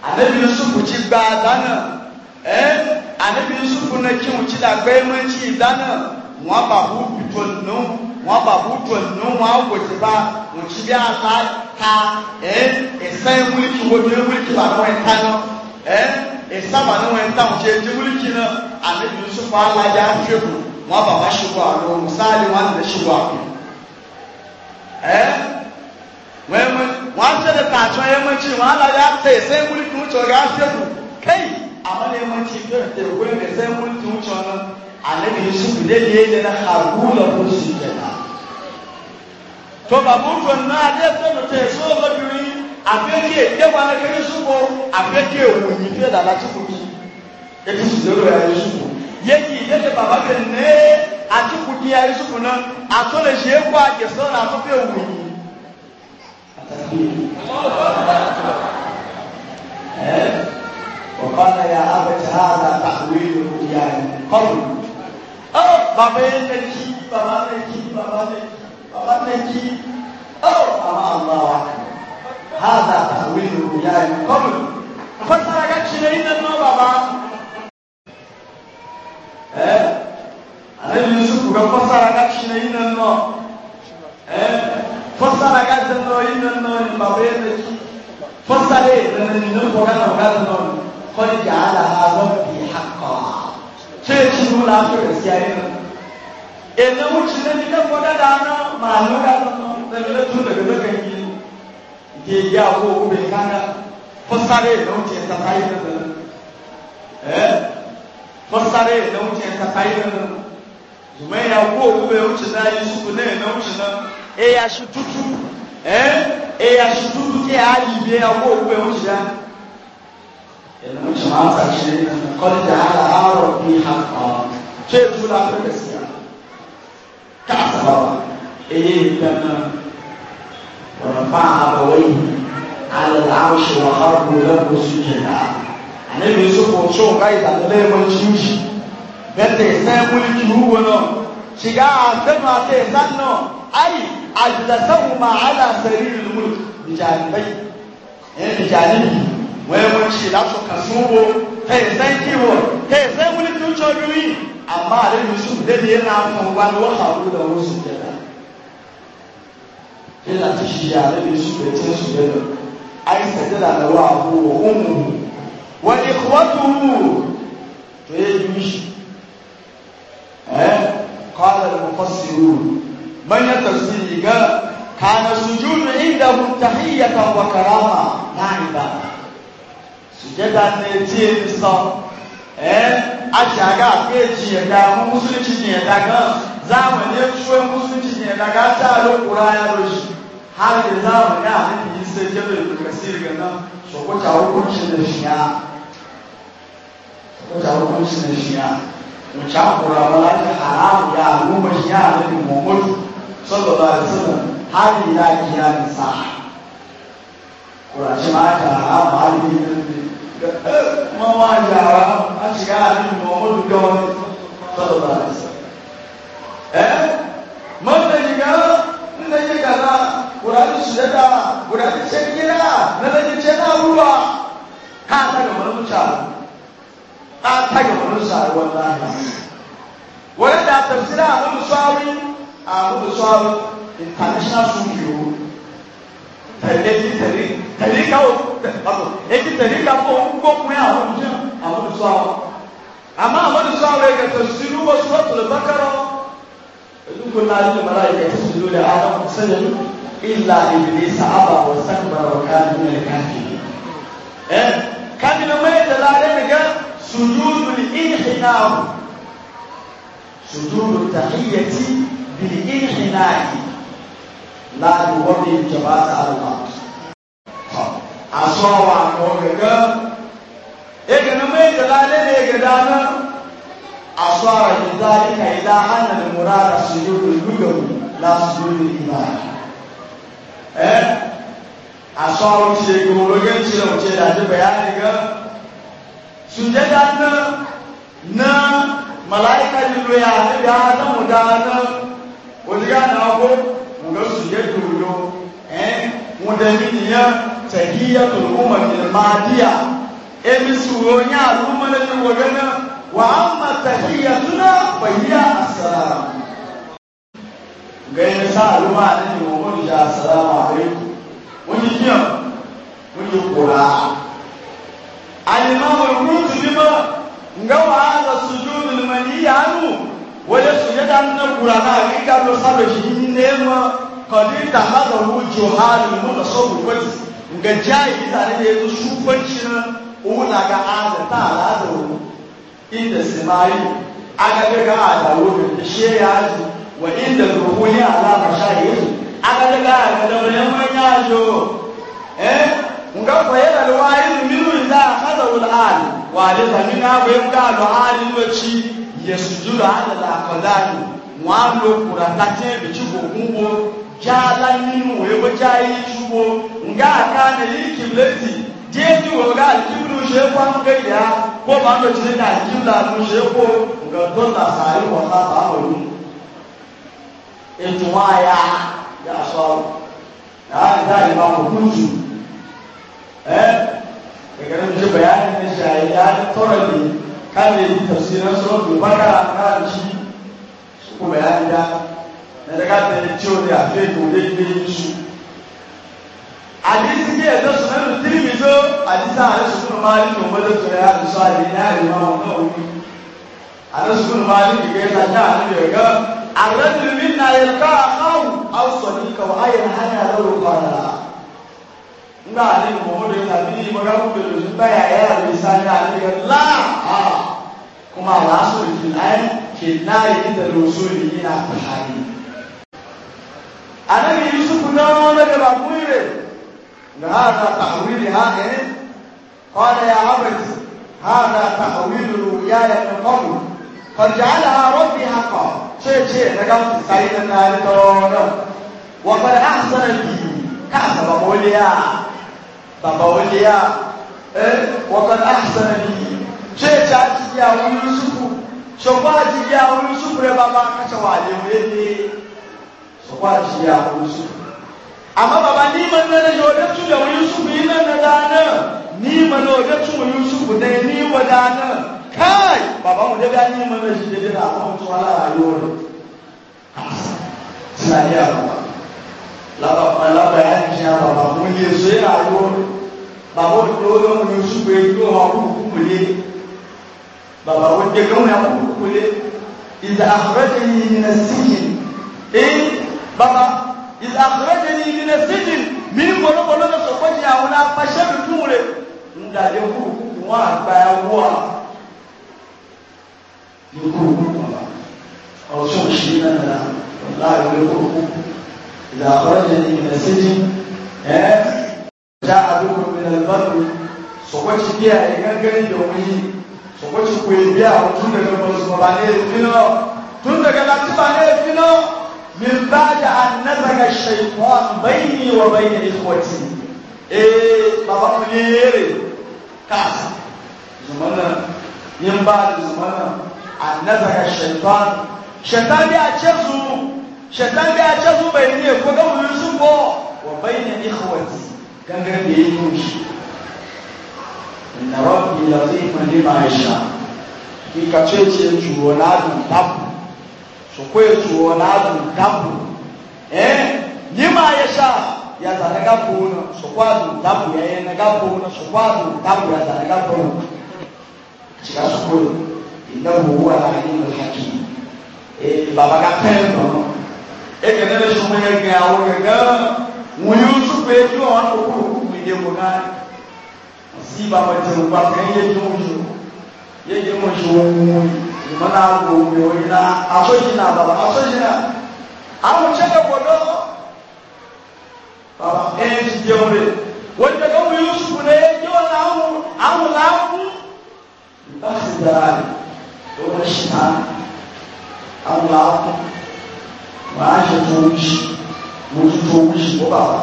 annabi yusufu ci dana eh annabi yusufu na ki nci da muhimmanci dana wa ba hu bitonno wa ba hu tonno wa ko ti ba nci ya ta ta eh esa mulki wo de mulki ba ko eh esa ba no en ta nci je mulki na annabi yusufu ala ya shebu wa ba no misali wanda shebu eh wọ́n ṣe lè tàṣọ ẹmọ́tì wọ́n alága tẹ̀ ṣe múlì tó ń sọ̀rọ̀ àṣẹ́kù kẹ́yì àwọn ẹmọ́tì bẹ̀rẹ̀ tẹ̀ wọ́n lè ṣe múlì tó ń sọ̀rọ̀ alẹ́ kìí ṣubú lẹ́yìn ẹ̀yẹ náà àrùn lọ́kùn sí ìjẹ̀dá. tó bàbá ń fọn náà adé sọ̀rọ̀ tẹ̀ ṣó lọ́bìnrin àfẹ́kẹ́ ìjẹ́wọ́ alẹ́kẹ́rẹ́ ṣubú àfẹ́kẹ́ òwò yìí fẹ́ dàda ṣubú yìí ètò ìṣòro ẹ̀ ṣubú yéji yéji bàbá kẹ́ ní àtìkù di ayé ṣubú náà àtọ́lẹ̀ ṣe é kó àjẹsọ́nà àtọ́fẹ́ òwò yìí وقال يا أبت هذا تحويل رؤياي قبل أو بابين نجي بابا نجي بابا نجي بابا نجي أو أما الله هذا تحويل رؤياي قبل فسر كتشنين إنه بابا أنا يوسف فسر كتشنين إنه fassara ga tannoyi nan nan ba wai ne fassare nan nan nan ko kana ga nan qad ja'ala rabbi haqqan ce shi mu la ko gaskiya ne e na wuce ne ni kan goda da nan ma nan ga nan da ne tun daga daga yi ke ya ko ku be kana fassare nan ce ta kai nan eh fassare nan ce ta kai nan zumai ya ko ku be wuce da yi su ne nan wuce nan eya shi tutu eh eya shi tutu ke ali be awo ogbe o sha ele mo ta shi kọli ta ala aro bi ha ọ ṣe tu la fẹ bẹsi ya ká sábà wa eye ìdáná wọn fa àbọwọ yìí alẹ àwọn ṣe wọn ha kú lẹkọọ sí jẹ náà àná mi sọ fún ọṣọ ọgá ìdàlẹ ẹmọ jíjí bẹtẹ sẹ múlí kìlú wọn náà ṣìgá àtẹnu àti ẹsán náà ayi allasahuma ala sariri mulk bijanibai eh bijanibi wai mun ce la su kasubo kai san kiwo kai sai mulkin chogiri amma da yusuf da yana kan wani wahabu da wasu da yana ta shi ya rabe su da cin su da ai sadala da من تفسيرك كان السجود عنده تحية وكرامة لا عبادة sujada ne tie ni sọ ẹ aṣaga kejì ẹ̀dá fún mùsùlùmí ní ẹ̀dá kan záwọn ní ṣúwẹ́ mùsùlùmí ní ẹ̀dá kan tá ló kúrò ayá lóṣù ha lè záwọn ní àmì yìí ṣe jẹ́ lórí ìpínlẹ̀ sí ìrìn náà ṣòkòtà ókú ṣe lè ṣìyà ṣòkòtà ókú ṣe lè ṣìyà ìjà kúrò àwọn láti haramu ya àlùmọ̀ ṣìyà lẹ́nu mọ̀mọ́dù sọ́dọ̀ bá ti mú hali ìlà ìyá mi sá. Kùràṣẹ́ máa kà á máa lè ní ẹni. Wọ́n wá yà á láti ká àdúgbò mọ́ olùkọ́ sọ́dọ̀ bá ti sọ. Ẹ́ mọ́tò yìí kan nílẹ̀ yìí kan náà kùràṣẹ́ sùdẹ́ dá kùràṣẹ́ ṣe kí náà nílẹ̀ yìí ṣe náà wúwa àmúdùsọ́rọ̀ international school yìí o tẹ̀lé ti tẹ̀lé tẹ̀lé ká o ọ̀tọ̀ etí tẹ̀lé ká fún gbókùnrin àwọn ọ̀dùnjẹ́ àmúdùsọ́rọ̀ àmọ́ àmúdùsọ́rọ̀ yẹ náà ló mara yẹ kẹsẹ̀ sínú lẹ̀ ara sẹ́yìn ìlà ìbìlì sàábà wọ̀ sàkùnrin ọ̀ká nínú ẹ̀ káàkiri ẹ̀ káàkiri mẹ́rin tẹ̀lé adé nìkan sùdúrù ìhìnà sùdúrù tàkìyẹtì بالإنحناء لا يوضي الجبات على الأرض أصوى موجة إذا نميت لا لدي قدانا أصار لذلك إذا أن المراد سجود البدو لا سجود الإله إيه أصار شيء موجة شيء موجة هذا بيانك سجدنا na malaika jibril ya ta da ta mudana oníyà náà kó mo lọ sùn yẹ dòdò ẹ mo dẹni nìyẹn tẹ̀yí yẹ tó kó mọ̀ ní máa díyà èmi sùn wọn yẹ àlùmọ́lẹ́ ní wọlé náà wà á ma tẹ̀yí yẹ tó náà pẹ̀lú àṣàrà. gẹ̀yìn sáà ló máa ní ìwọ̀n kó nìyà wòye sòyédà ń nàkúrà náà kíkà ló sábà yìí ní nẹ́ẹ̀mọ́ kọ̀dí tàbátà wò jò ha ló mú lọ́sọ̀ wò pẹ́tì nga jẹ́ àyè tàbí yẹ kó sùn pẹ́tì náà owó làgà àdè tá a làdè wò ìdè sèmáyé agagẹ́gà àdà wò lè ṣe é yà á jù wà ìdè lòwò ní àlà àmàṣà yìí agagẹ́gà àdà wò lè mọ ẹ̀yà àjò ẹ̀ nga kọ̀yẹ́ lẹ́nu wáyé nínú ìdá àkàtà wò lè wà á lè tàbí náà wò é ń ká àlọ́ àdè yẹ̀sùdúró àdàlà àkọ́dáàlù wọn á lo kùrà tàjẹ́ ìbìtúbò kún wo jáàlá nínú ewé jáì túbò ǹgá àká ní ìkì létí díẹ̀ ní wòlá àdìkúlù ṣe kó àmúkẹ́ ìyá kó bá ń lòtí ní àdìkúlù àdìkúlù ṣe kó ǹgàn tó nà sàárè wọ̀lá báwọn ní. ètò wọn àyà yà sọ láàrin táyì bá wọn kú jù ẹ gẹgẹ ní ṣe bẹyà ní ṣe àyà tọrọ yìí kan yi tafsirin suratul baqara kan shi su ko bayani da na daga da ciwo da afi to da ke su hadisi ke da sunan tirmizo hadisi an sunan mali no wala to ya da sai na imam nawawi an sunan mali ke ta ta ne ga الرجل منا يلقى أخاه أو صديقه وأين هنا له قال nga ni mo de tabi mo ga ko de su ta ya ya ni sa ni ani ga la ha kuma wasu rufin ayin ke nari da rusuli yana fahari annabi yusuf na wani gaba kuire ga hada ta'wili hada ne qala ya abati hada ta'wilu ru'yaya min qabl qad ja'alaha rabbi haqqan ce ce daga sai da nari to wa qad ahsana bi ka sabawliya babawliya eh wa qad ahsana ṣé ṣá ti di àwọn yusufu ṣọ̀pá ti di àwọn yusufu rẹ bàbá kàṣà wà lèwe ni ṣọ̀pá ti di àwọn Ni àmọ́ bàbá ní ìmọ̀ náà lè yọ ọdẹ tún àwọn yusufu yìí náà náà dáná ní ìmọ̀ náà ọdẹ tún àwọn yusufu náà ní ìwọ̀ dáná káì bàbá wọn dẹ́gbẹ́ ní ìmọ̀ náà ṣe dédé náà àwọn tó wà láàyò rẹ̀ sí ayé àwọn lábàbà yà ń jẹ́ bàbá wọn yé ṣe é àyò bàbá wọn tó lọ́wọ́ yusufu yìí ló wà kúkú mọ̀lẹ́ Baba, wo dé gbọ́n yà kúkú kúlé ìdá àkùrẹ́jẹ yìí nínú síjìn ee bàbá ìdá àkùrẹ́jẹ yìí nínú síjìn mí bọ̀lọ́bọ̀lọ́ lọ́sọ̀ kọ́jì àwọn apàṣẹ mi fún rẹ̀ ń dàdé kúkú wọn àgbà ẹwọ́ à na kúkú bàbá ọ̀ṣọ́ òṣì náà láàrin kúkú ìdá àkùrẹ́jẹ yìí nínú síjìn ẹ́ já àdúgbò mi lẹ́nu bá mi sọ̀kọ́ ti bí àyè gángan ìjọba yìí so ko ci koyi biya ko tun daga basu ba ne fino tun daga lati ba ne fino min ba'da an nazaga shaytan bayni wa bayna ikhwati eh baba mu yere kas zumana yin ba zumana an nazaga shaytan shaytan ya ce su shaytan ya ce su bayni ko ga mu su ko wa bayna ikhwati gangan da yake inna rabbi latifun lima yasha kika cece tuwo na dun tabu so ko tuwo na dun tabu eh lima yasha ya zanaga kuno so kwa dun tabu ya yana ga kuno so kwa dun tabu ya zanaga kuno kika so ko inna huwa alimul hakim eh baba ka pendo e kenele shumwe ya gawo ga mu yusufu e tuwa watu kuru tí bàbá tí o bá fẹ́ yé tó ń yọ yé tó ń yọ ohun ìmọ̀ náà na wí o yìí náà àsọ̀yìn náà bàbá àsọ̀yìn náà àwọn ìṣẹ́jọ pọ̀ lọ́wọ́ bàbá ẹ̀ ń ti jẹun rẹ̀ wọ́n ti tẹ̀lé wọ́n yóò sùn lé yóò láwọn àwọn làákùn bá sì dára rẹ̀ wọ́n ṣì náà àwọn làákùn wọ́n á ṣe tó ń ṣe mo ti tó ń ṣe bọ́ bàbá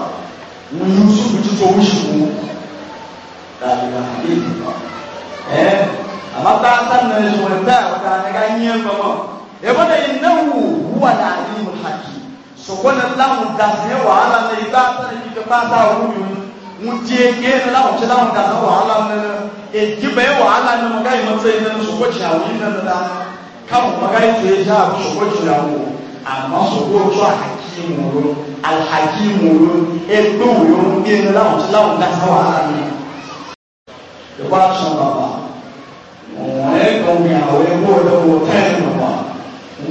mo yóò sùn mo ti tó ń ṣe mo dalika habibu eh amma ta san nan shi wanda wata ne ga yin gama e wanda innahu huwa al-alimul hakim so wannan lamun da sai wa ala ne ba ta ne ga ba ta huyu mun je ke na lamun ce wa ala ne e wa ala ne mun ga yin sai nan su ko shawi nan da kan mun ga yin sai ja su ko shawi amma su ko to hakimu al-hakimu e to yo ne lamun lamun da sai wa ala ne da ba su mama mai kun gawe ko da hotel mama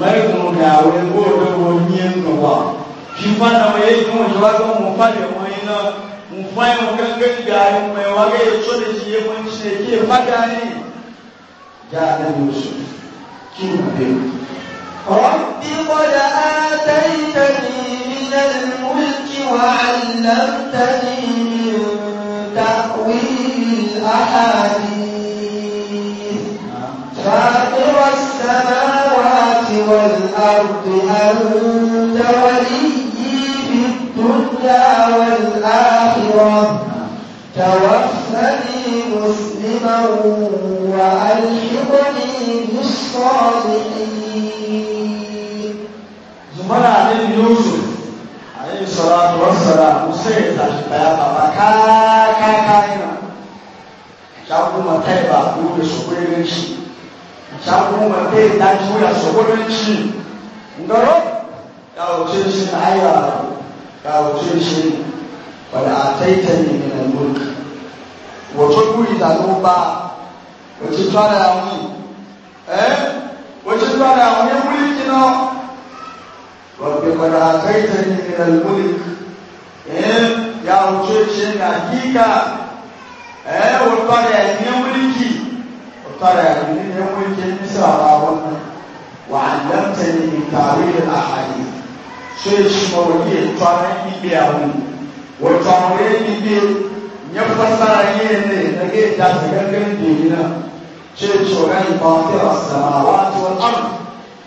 mai kun gawe ko da wonyin mama shi fa na mai kun shi wa mu fa da mai na mu fa mu gangan gawe mai wa ga ya so da shi ya mun shi ke fada ne ya da musu kin da رب قد آتيتني من الملك وعلمتني من تأويل الأحاديث فاطر السماوات والأرض أنت وليي في الدنيا والآخرة توفني مسلما وألحقني بالصالحين زمرة بن يوسف alaihi salatu wassalam sai ya tashi baya baba ka ka ka ina ta kuma kai ba ku ya wuce shi na ya wuce shi wanda a taita ne min al-mulk wato kuri da eh wato tsara wani mulki رب قد آتيتني من الملك يا وجهك حقيقة eh wotare ya mulki wotare ya ni ne mulki ni sara wannan wa allamtani min ta'wil al-ahadith sai shi mawuye tsara ni biya mu wotare ni bi ya fasara ni ne da ke da gangan dinina sai tsoron ba ta samawa to al-ard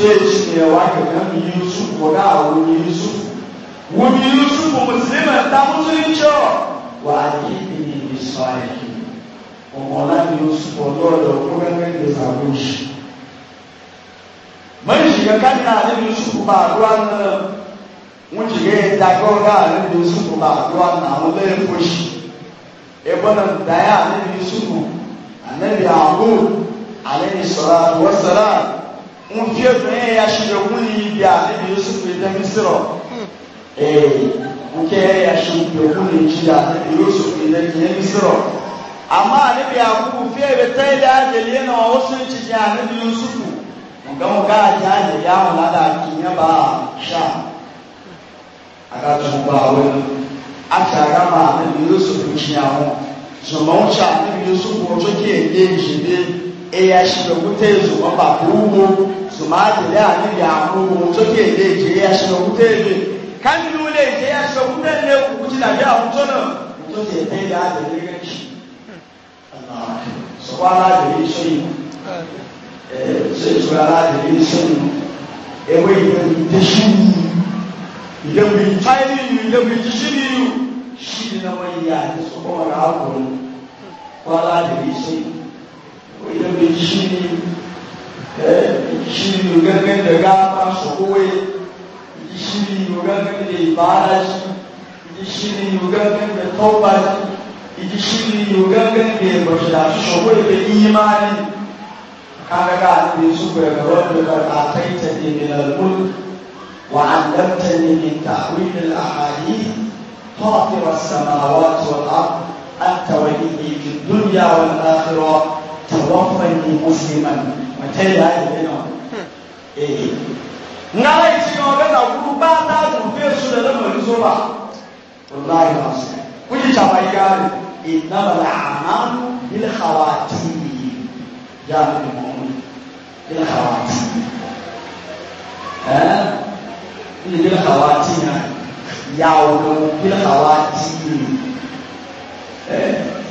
ceci ne wa ka ga mi yusuf ko da wa mi yusuf wa mi yusuf muslima ta musulunci wa akidi ni israeli ọmọlá ni yusuf ọlọ́dọ̀ kó gẹ́gẹ́ ní sàmúṣì mọ́nìṣì kankan ní àná yusuf bá àdúrà náà wọ́n ti gé dàgbọ́ bá àná yusuf bá àdúrà náà wọ́n lẹ́yìn fọ́ṣì ẹgbọ́n náà dáyà àná yusuf àná yàgò àná ìsọ̀rọ̀ àwọn sọ̀rọ̀ ŋun fie fún yẹn yà si ewu ni bi a ne bi yusuf yi dẹbi sọrọ ee nkẹ yẹn yà si ewu ni bi a ne bi yusuf yi dẹbi sọrọ ama ne bi akuku fie bi tẹ ẹdẹ adeli yẹn na ọwọ sún kyikyi a ne bi yusuf nǹkan mu káà jẹ àyè yà wọn lada kìnyẹ bá a ṣá aka tó bá a wọn ati aka ma ne bi yusuf kyi àwọn sọmọ wọn ṣá ne bi yusuf wọn tó kí ẹ yé jìnnì eya shirokute zuma bakuwo zuma adele ani yamuwo soke ele eje eya shirokute ele kani ni wole eje eya shirokute ele kukuti na bi awuto na kukuti ebe ele adele gẹki sọkọ aladele sọyi ee sọyisu aladele sọyi ewe idesi idewu itaili idewu idisiri shi na wọnyi ya sọkọ wọn na akọni kọ aladele sọyi wòye bɛ tsi ni ɛ tsi ni o gɛgɛ de ka ba sɔgɔwe tsi ni o gɛgɛ de baara dzi tsi ni o gɛgɛ de tɔba dzi tsi ni o gɛgɛ de bɔsira sɔgɔwe bɛ nyima ni kare ka ne sugbɛ lɔrɔ de ka ta yi tɛ de la lori wa a tɛ ne de ta o yi la a yi. فاطر السماوات والأرض أنت وليي في الدنيا والآخرة tawaffani musliman matela yana eh na lai ci ga na gudu ba na rufe su da lamarin zuwa wallahi ba su kuji ta bai gari innama al'amalu bil khawatim ya mu'min bil khawatim eh bil khawatim ya wa bil khawatim eh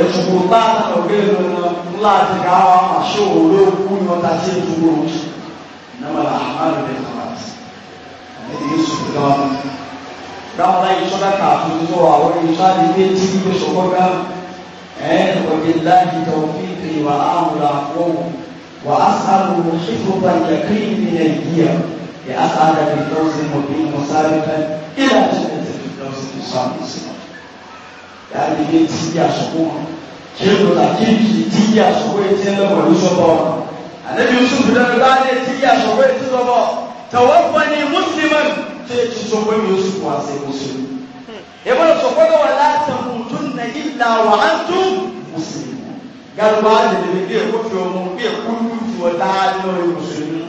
ẹ̀tùkù bá ọ̀gbẹ́ ìrìnà láti ká àṣọ olóòkú ní ọta sí ìdúró oṣù nàmàlà àmàlù ní kàwáàtì ẹ̀dí yéṣu gan an dáwọn láyé sọ́dá káàtó tó àwọn ìṣáàdì ní etí ìgbé sọ́kọ́ gan ẹ̀ ọ̀gbẹ́ láyé tó fi pè wà áwùrà fún wà á sáré wọn ṣé kó bá yẹ kí ní nàìjíríà yà á sáré bí tó ṣe mọ̀ bí mo sáré fẹ́ ilé àti ẹ̀sẹ̀ tó ṣe sọ́ọ̀mù sí i ya yi ne ti ya sɔkò kí ló ta kí kì í ti ya sɔkò yìí ti lọ wọlé sɔbɔ ale bi sùn fi dẹ́nu báyìí ne ti ya sɔkò yìí ti sɔbɔ tẹ̀wọ́ fani mùsùlùmí ṣe ti sɔkò yìí sùn wá sí mùsùlùmí ebi lọ sɔkò lọ wà láti mùtún nà ilà wà á tún mùsùlùmí gàlùbá lèlè bí èkó fi ọmọ bí èkó lù fi wọ dáadé lórí mùsùlùmí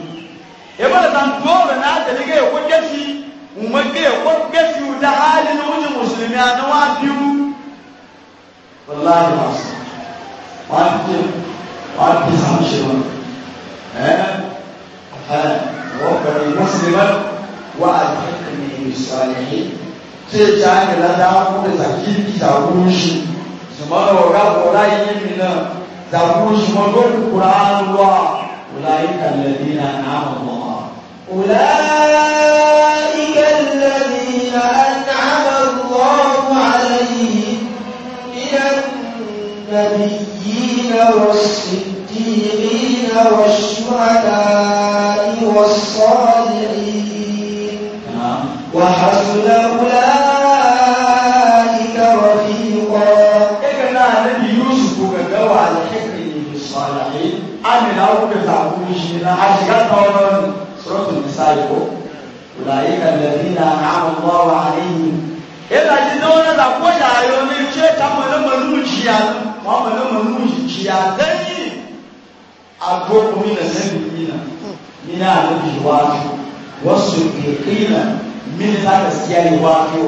ebi lọ sàn tó lọ wallahi masu wájú wájú sàmúṣe wọn ẹ ẹ wọ́n pẹ̀lú mùsùlùmí wà á tẹ̀lé ìsọ̀lẹ̀ tí ì já ní ládá fún mi sàkí ìdàgbòsù ṣùgbọ́n ọ̀gá ọ̀gá yìí mi náà dàgbòsù wọn ló kúra ń lọ wọ́n láyé kàlẹ́ ní àná àmọ́ wọn. والصديقين والشهداء والصالحين وحسن أولئك رفيقا كان النبي يوسف كجوا على حكمه بالصالحين أمن أو كتابه شيئا حشكته سورة النساء أولئك الذين أنعم الله عليهم إذا جدونا تقول يا يومي شيء تمنى منوشيا wọn mọ náà mọ nínú ìjìyà lẹ́yìn agbóhùn ilẹ̀ sẹ́yìn nínà nínà àlejò iwájú wọ́n sọ èké nà mínísà kẹsíà iwájú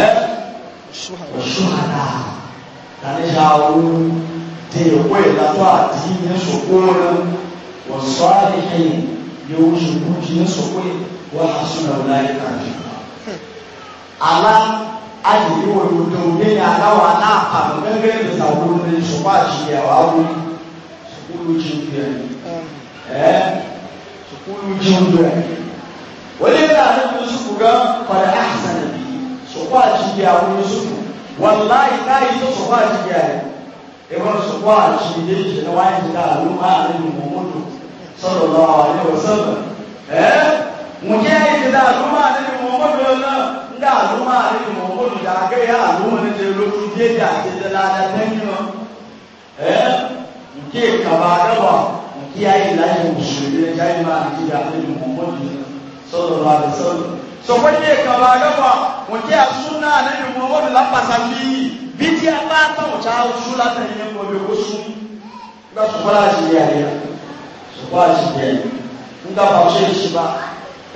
ẹ́ ọ̀ṣùhàdà kàníṣà owó dé ìwé ìlàtọ̀ àti ní sòkóòrò wọ́n sọ àdìhìn yóò ṣòkó jí ní sòkóòrò wọ́n àṣùnà ọ̀la ìkàjù. àlá aji yi wani mutum ne ya lawa na faru gangan da sabon ne su ba shi ya wawo su kulu cin biya eh su kulu cin biya wani yana nufin su kuga fara ahsana bi su ba shi ya wani su wallahi na yi ta su ba shi ya yi ibar su ba shi ne ke na wani jira al'umma a nan muhammadu sallallahu alaihi wasallam eh mu ndị alụma adịghị ma ọbụrụ ga aga ya alụ nwere na-eru otu ndị eji adịdela anya tenyo ee nke kaba agaba nke ya yi layi usoro ya gaghị ma adịghị adịghị ma ọbụrụ sọlọlọ adị sọlọ sọkwa ndị kaba agaba nke ya su na adịghị ma ọbụrụ lapasa ndị iyi bidi ya kpa ata ụcha su lata ihe ma ọbịa osu nga sọkwara ji ya ya sọkwara ji ya ya nga ba ọchịchị ba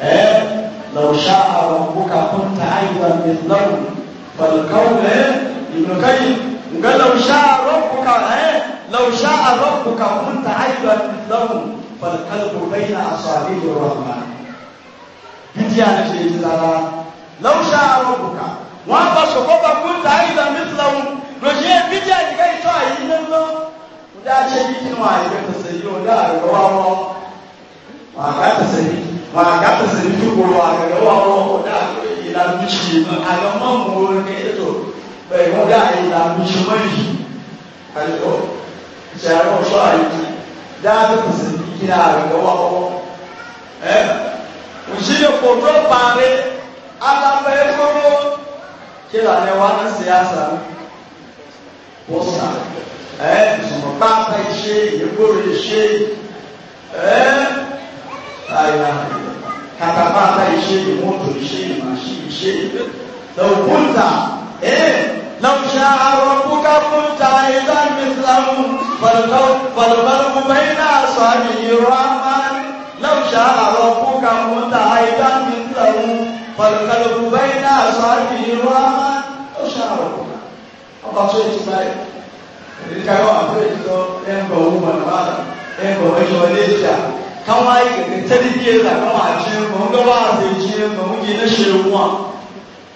ee لو شاء ربك كنت أيضا مثله فالقول ابن قيم قال لو شاء ربك لو شاء ربك كنت أيضا مثله فالقلب بين أصابع الرحمن بدي أنا شيء لو شاء ربك وأنت شكوك كنت أيضا مثله لو bíjà ìdíkà ìtọ́ àyè ilé ńlọ ọdá ṣe bí nínú àyè tẹ̀sẹ̀ yìí الله àrẹ̀wá wọn àgbà tẹ̀sẹ̀ màgá tó sì ní dúkòrò àgbẹ̀lẹ̀ wà wọ́n kò dá ìlànà ìṣe àgbẹ̀ mọ́ mú o ní ètò bẹ́ẹ̀ wọ́n dá ìlànà ìṣe mọ́ yìí àyẹ̀wò ìṣẹ̀rọ ọ̀ṣọ́ àyẹ̀wò dáadé tó sì ní ìlà àgbẹ̀lẹ̀ wà wọ́n. ẹ òṣìṣẹ́ kò tó parí alábẹ́ kóró kí lànà wa ní síyáṣà wọ́n sà ẹ ìṣòro pápá iṣẹ́ ìyẹ́gbòrò iṣẹ́ ẹ rayuwa kata ba ta yi shi moto yi shi mashi yi shi lau eh lau sha'a rabbuka kunta idan mislahum fal balqu baina ashabi rahman lau sha'a rabbuka kunta idan mislahum fal balqu baina ashabi rahman lau sha'a rabbuka Allah so yi bai Ini kayo apa itu? Yang bau mana? Yang bau Indonesia kan wa yi ga tali ke da kan wa ji mun ga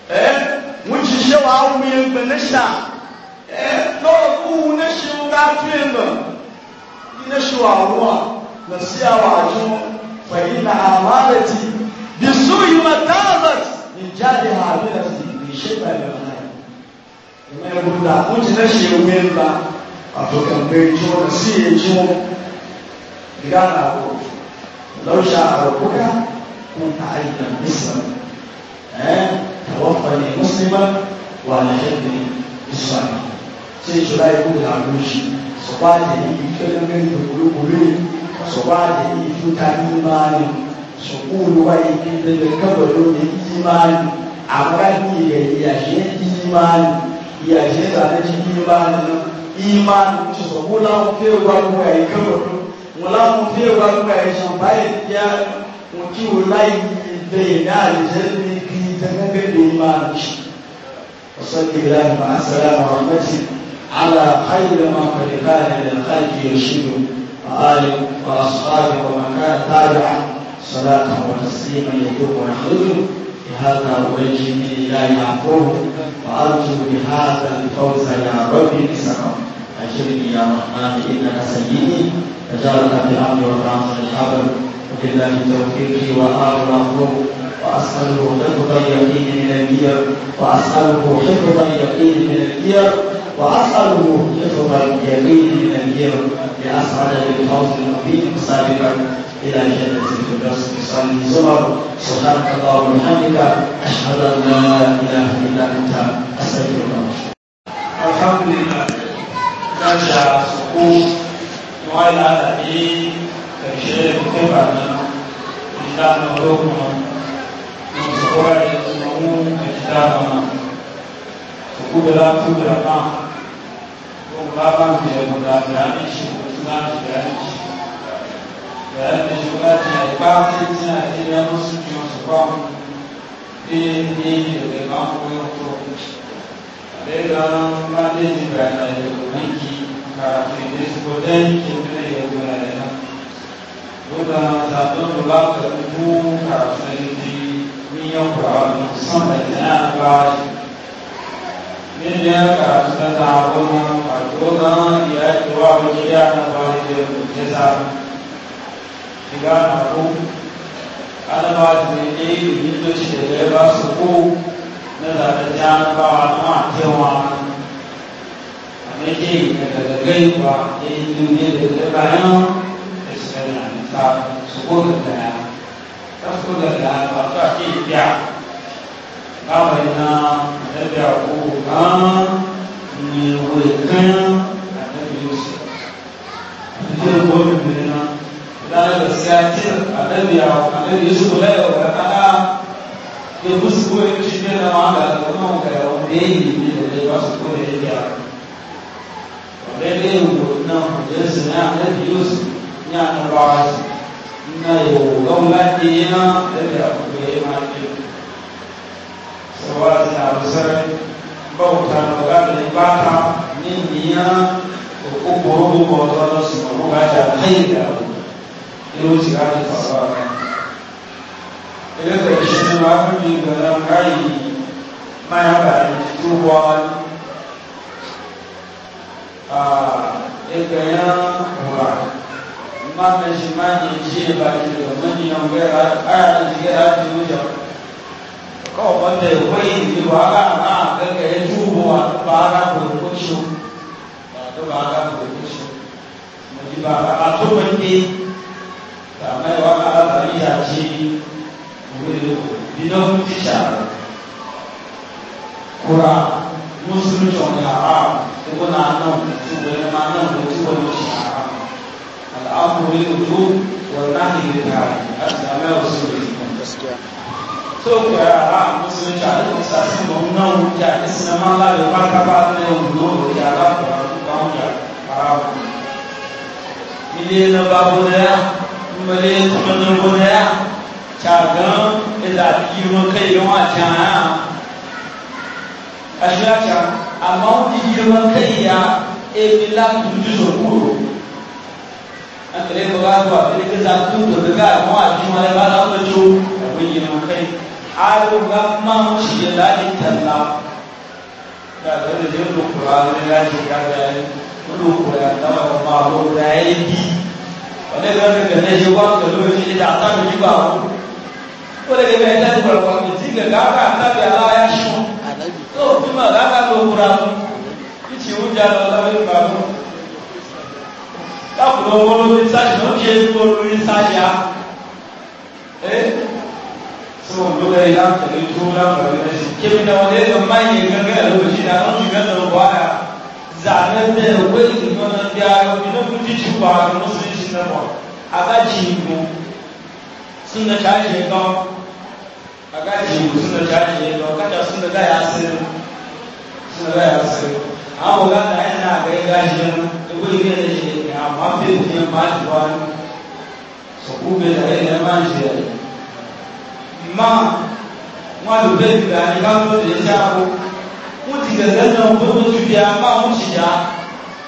eh mun ji shi wa mu eh to ku na shi ga tuyin ba na shi wa ruwa na siya wa ji fa ina amalati bi suyi matazat in jadi habilati bi shayba da mai mai buda mun ji na shi ruwa ba a لو شاء ربك كنت عينا مصرا توفني مسلما والحقني بالصالحين sai shura ya kuma zaɓo shi su ba da yi kiran gani da kule-kule su ba da yi tuta imani su kulu wa yi kinta da kabaro da imani a ƙarfi ga iyashe imani iyashe zane ci imani imani su sabu na kewa kuma ya yi kabaro wọn láwọn fi wà nípa ẹ̀sán báyìí kíá wọn kí wọn láì bẹ́ẹ̀ ní àlùjẹ́ ní kí tẹ́lẹ́gbẹ́ ló máa jù ọ̀sán kìlá ìmọ̀ àṣẹlá àwọn mẹ́sì على خير ما قد كان للخلق يرشد وآله وأصحابه ومن كان تابعا صلاة وتسليما يدوم ويخرجه بهذا أوجه من الله يعقوب وأرجو بهذا الفوز يا ربي نسأل أجرني يا رحمن إنك سيدي وجعلنا في الامر والنعم الحبر وبالله توفيقي وآل مخلوق وأسأله حفظ اليقين من الدير وأسأله حفظ اليقين من الدير وأسأله حفظ اليقين من الدير لأسعد بالفوز المبين سابقا إلى جنة الفردوس بصلي الزمر سبحانك اللهم وبحمدك أشهد أن لا إله إلا أنت أستغفرك الحمد لله رجع سقوط ولا في شيء تبعنا إنسان حكما من صغار يسمعون أجسامنا وقبل قدرنا وقبل بمدافعين شبهات لأن شبهات عبادتنا هي نصف يوسفهم في دين الإمام ويوسف لأن ما دين بين يومين kudin kintar ya zuwa da nan buda zaɓen rula ka dubu karfin ji miliyan kurawa musamman da jina na bashi miliyan karfin da ta goma a dogon ya yi wa wani ya na bashi da ya sa shiga na ku ana ba su ne ne yake daga gaiwa ya yi duniya da ta bayan da suka yi ta su ko da daya ta so da daya ba ta ke biya ba wai na da biya ko ba ne wai kan a ta biyu su ta yi ko da biyu na da da siyatir a ta biya a ta biyu su da yau da kada ya musu ko ya ci biya da ma da kuma ga yau da ya yi da ya ba su ko da ya biya lallai rubutunan hujjarsu na annabi yusuf ya annabawa su ina yawon lafiya da da ya yi mafi saboda na rusar bauta na gada ne ba ta min niya da kuma rubu bauta na su ma muka ta kai da yau ci gani fasawa ina da shi ne ma fi ikayan wa mama shimani shi ba ki da mani yan gara a ji gara ji wuya ko wanda ya koyi ji wa ga ma ga ga ya tubo wa ba ga ko ko shi ba to ga ko ko shi mu ji ba ga to ban ki da mai wa ga ba ri ya ji mu ne ko dinon fisha kura musulunci wani haram da kuna nan su wani ma nan da su wani shi haram al'amu ne mutu wannan ne da kare a tsamai wasu ne so ku yi haram musulunci a duk sassan ba mu nan wuce a duk sinan ma da marka ba da yau mu zo da yara ku ba mu da haram ile na babu na ya male tumanin gona ya cagan da biyu kai yawa can ashaka amma wani girman kai ya ebe latin jiso kuro a kare ba ba ba kare ka za ku to daga amma a jima da ba za ku jo da kun girman kai a ko ga ma shi da lalin talla da da da da da qur'ani da ya ji ka da ya kudu qur'ani da ba ma ro da ya yi wanda ga da ne ji ba da lokaci da ta ji ba ko da ga da ta ji ba ko ji ga ga ta da ya tó fi mọ̀ lára ló kura mú títí oúnjẹ lọ lábẹ́ ìgbà mú. Lákùnrin owó ló ti sáṣì ló kí ewu olórí sáṣì á. Ẹ́ sọ òdo rẹ̀ yá tẹ̀lé tó lábàá rẹ̀ sí. Kébí náà wọlé lọ má yẹ gẹ́gẹ́ ló ṣì náà ló ti gẹ́gẹ́ lọ wá yà. Zàmẹ́ bẹ́ owó náà bí a omi náà kú títí pa àwọn sí náà Abájì ìgbò. Súnà agaji suna jaji ne ba kada suna ga ya sun suna ga ya sun amma ga da ina ga gaji ne ko yi ne ne amma fi ne ma duwa so ku be da ne ma ji ma ma do be da ni ga mo de ja ko mo ti ga ga na ko mo ti ya ma mo ti ja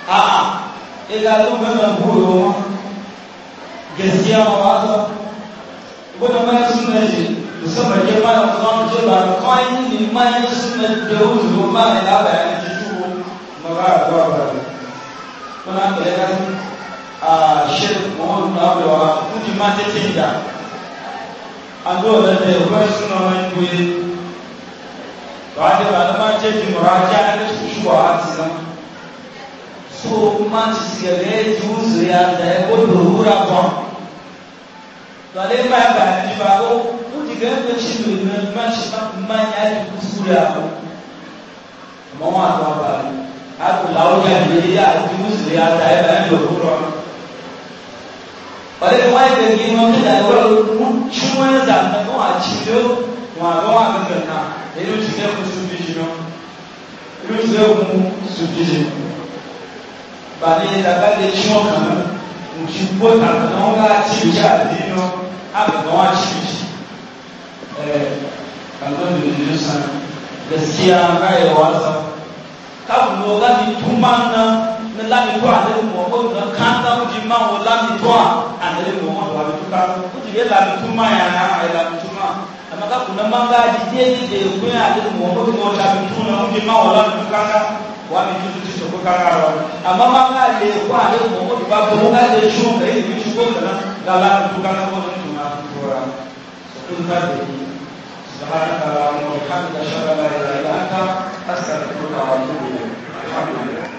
a a e ga lo ga na bu ro gaskiya ma wa zo ko da mana suna ji musamman ke mana kuma ke ba kwan ni man sunan da wuce ma ne na bayan jiju ma ba ba ba kuna da yan a shir mun na da kudi ma ta ce da an do da ne ba sunan so ma ci gare juzu ya da ko durura ba to le ma ba ni digamos assim, irmão, mas manhã de cura. Mão à tua pai. A tu lá o que a vida a Deus lhe atrai para o cura. Olha o mais que não me dá agora o último ano da não atirou uma boa grana. Ele não tinha com subir não. Ele usou com subir. Bani da bade chama. Um tipo tá não gatilha, não. Ah, não atirou alhamdulillah gaskiya rayuwa sa kafin lo lami tuma na na lami to ale mo ko na kan ta mu ji ma o lami to ale mo mo wa tu ka ko ti lami tuma ya na ai lami tuma amma ka kuna ma ga ji je ni de ko ya ale mo ko mo lami tuma mu ji ma o lami tu ka na wa mi tu ti so ko ka na ro amma ma ga le ko ale mo ko ba bo ga le shu ka ni mi shu ko na ga lami tu ka ko ni tuma ko سبحانك اللهم وبحمدك اشهد ان لا اله الا انت استغفرك واتوب اليك الحمد لله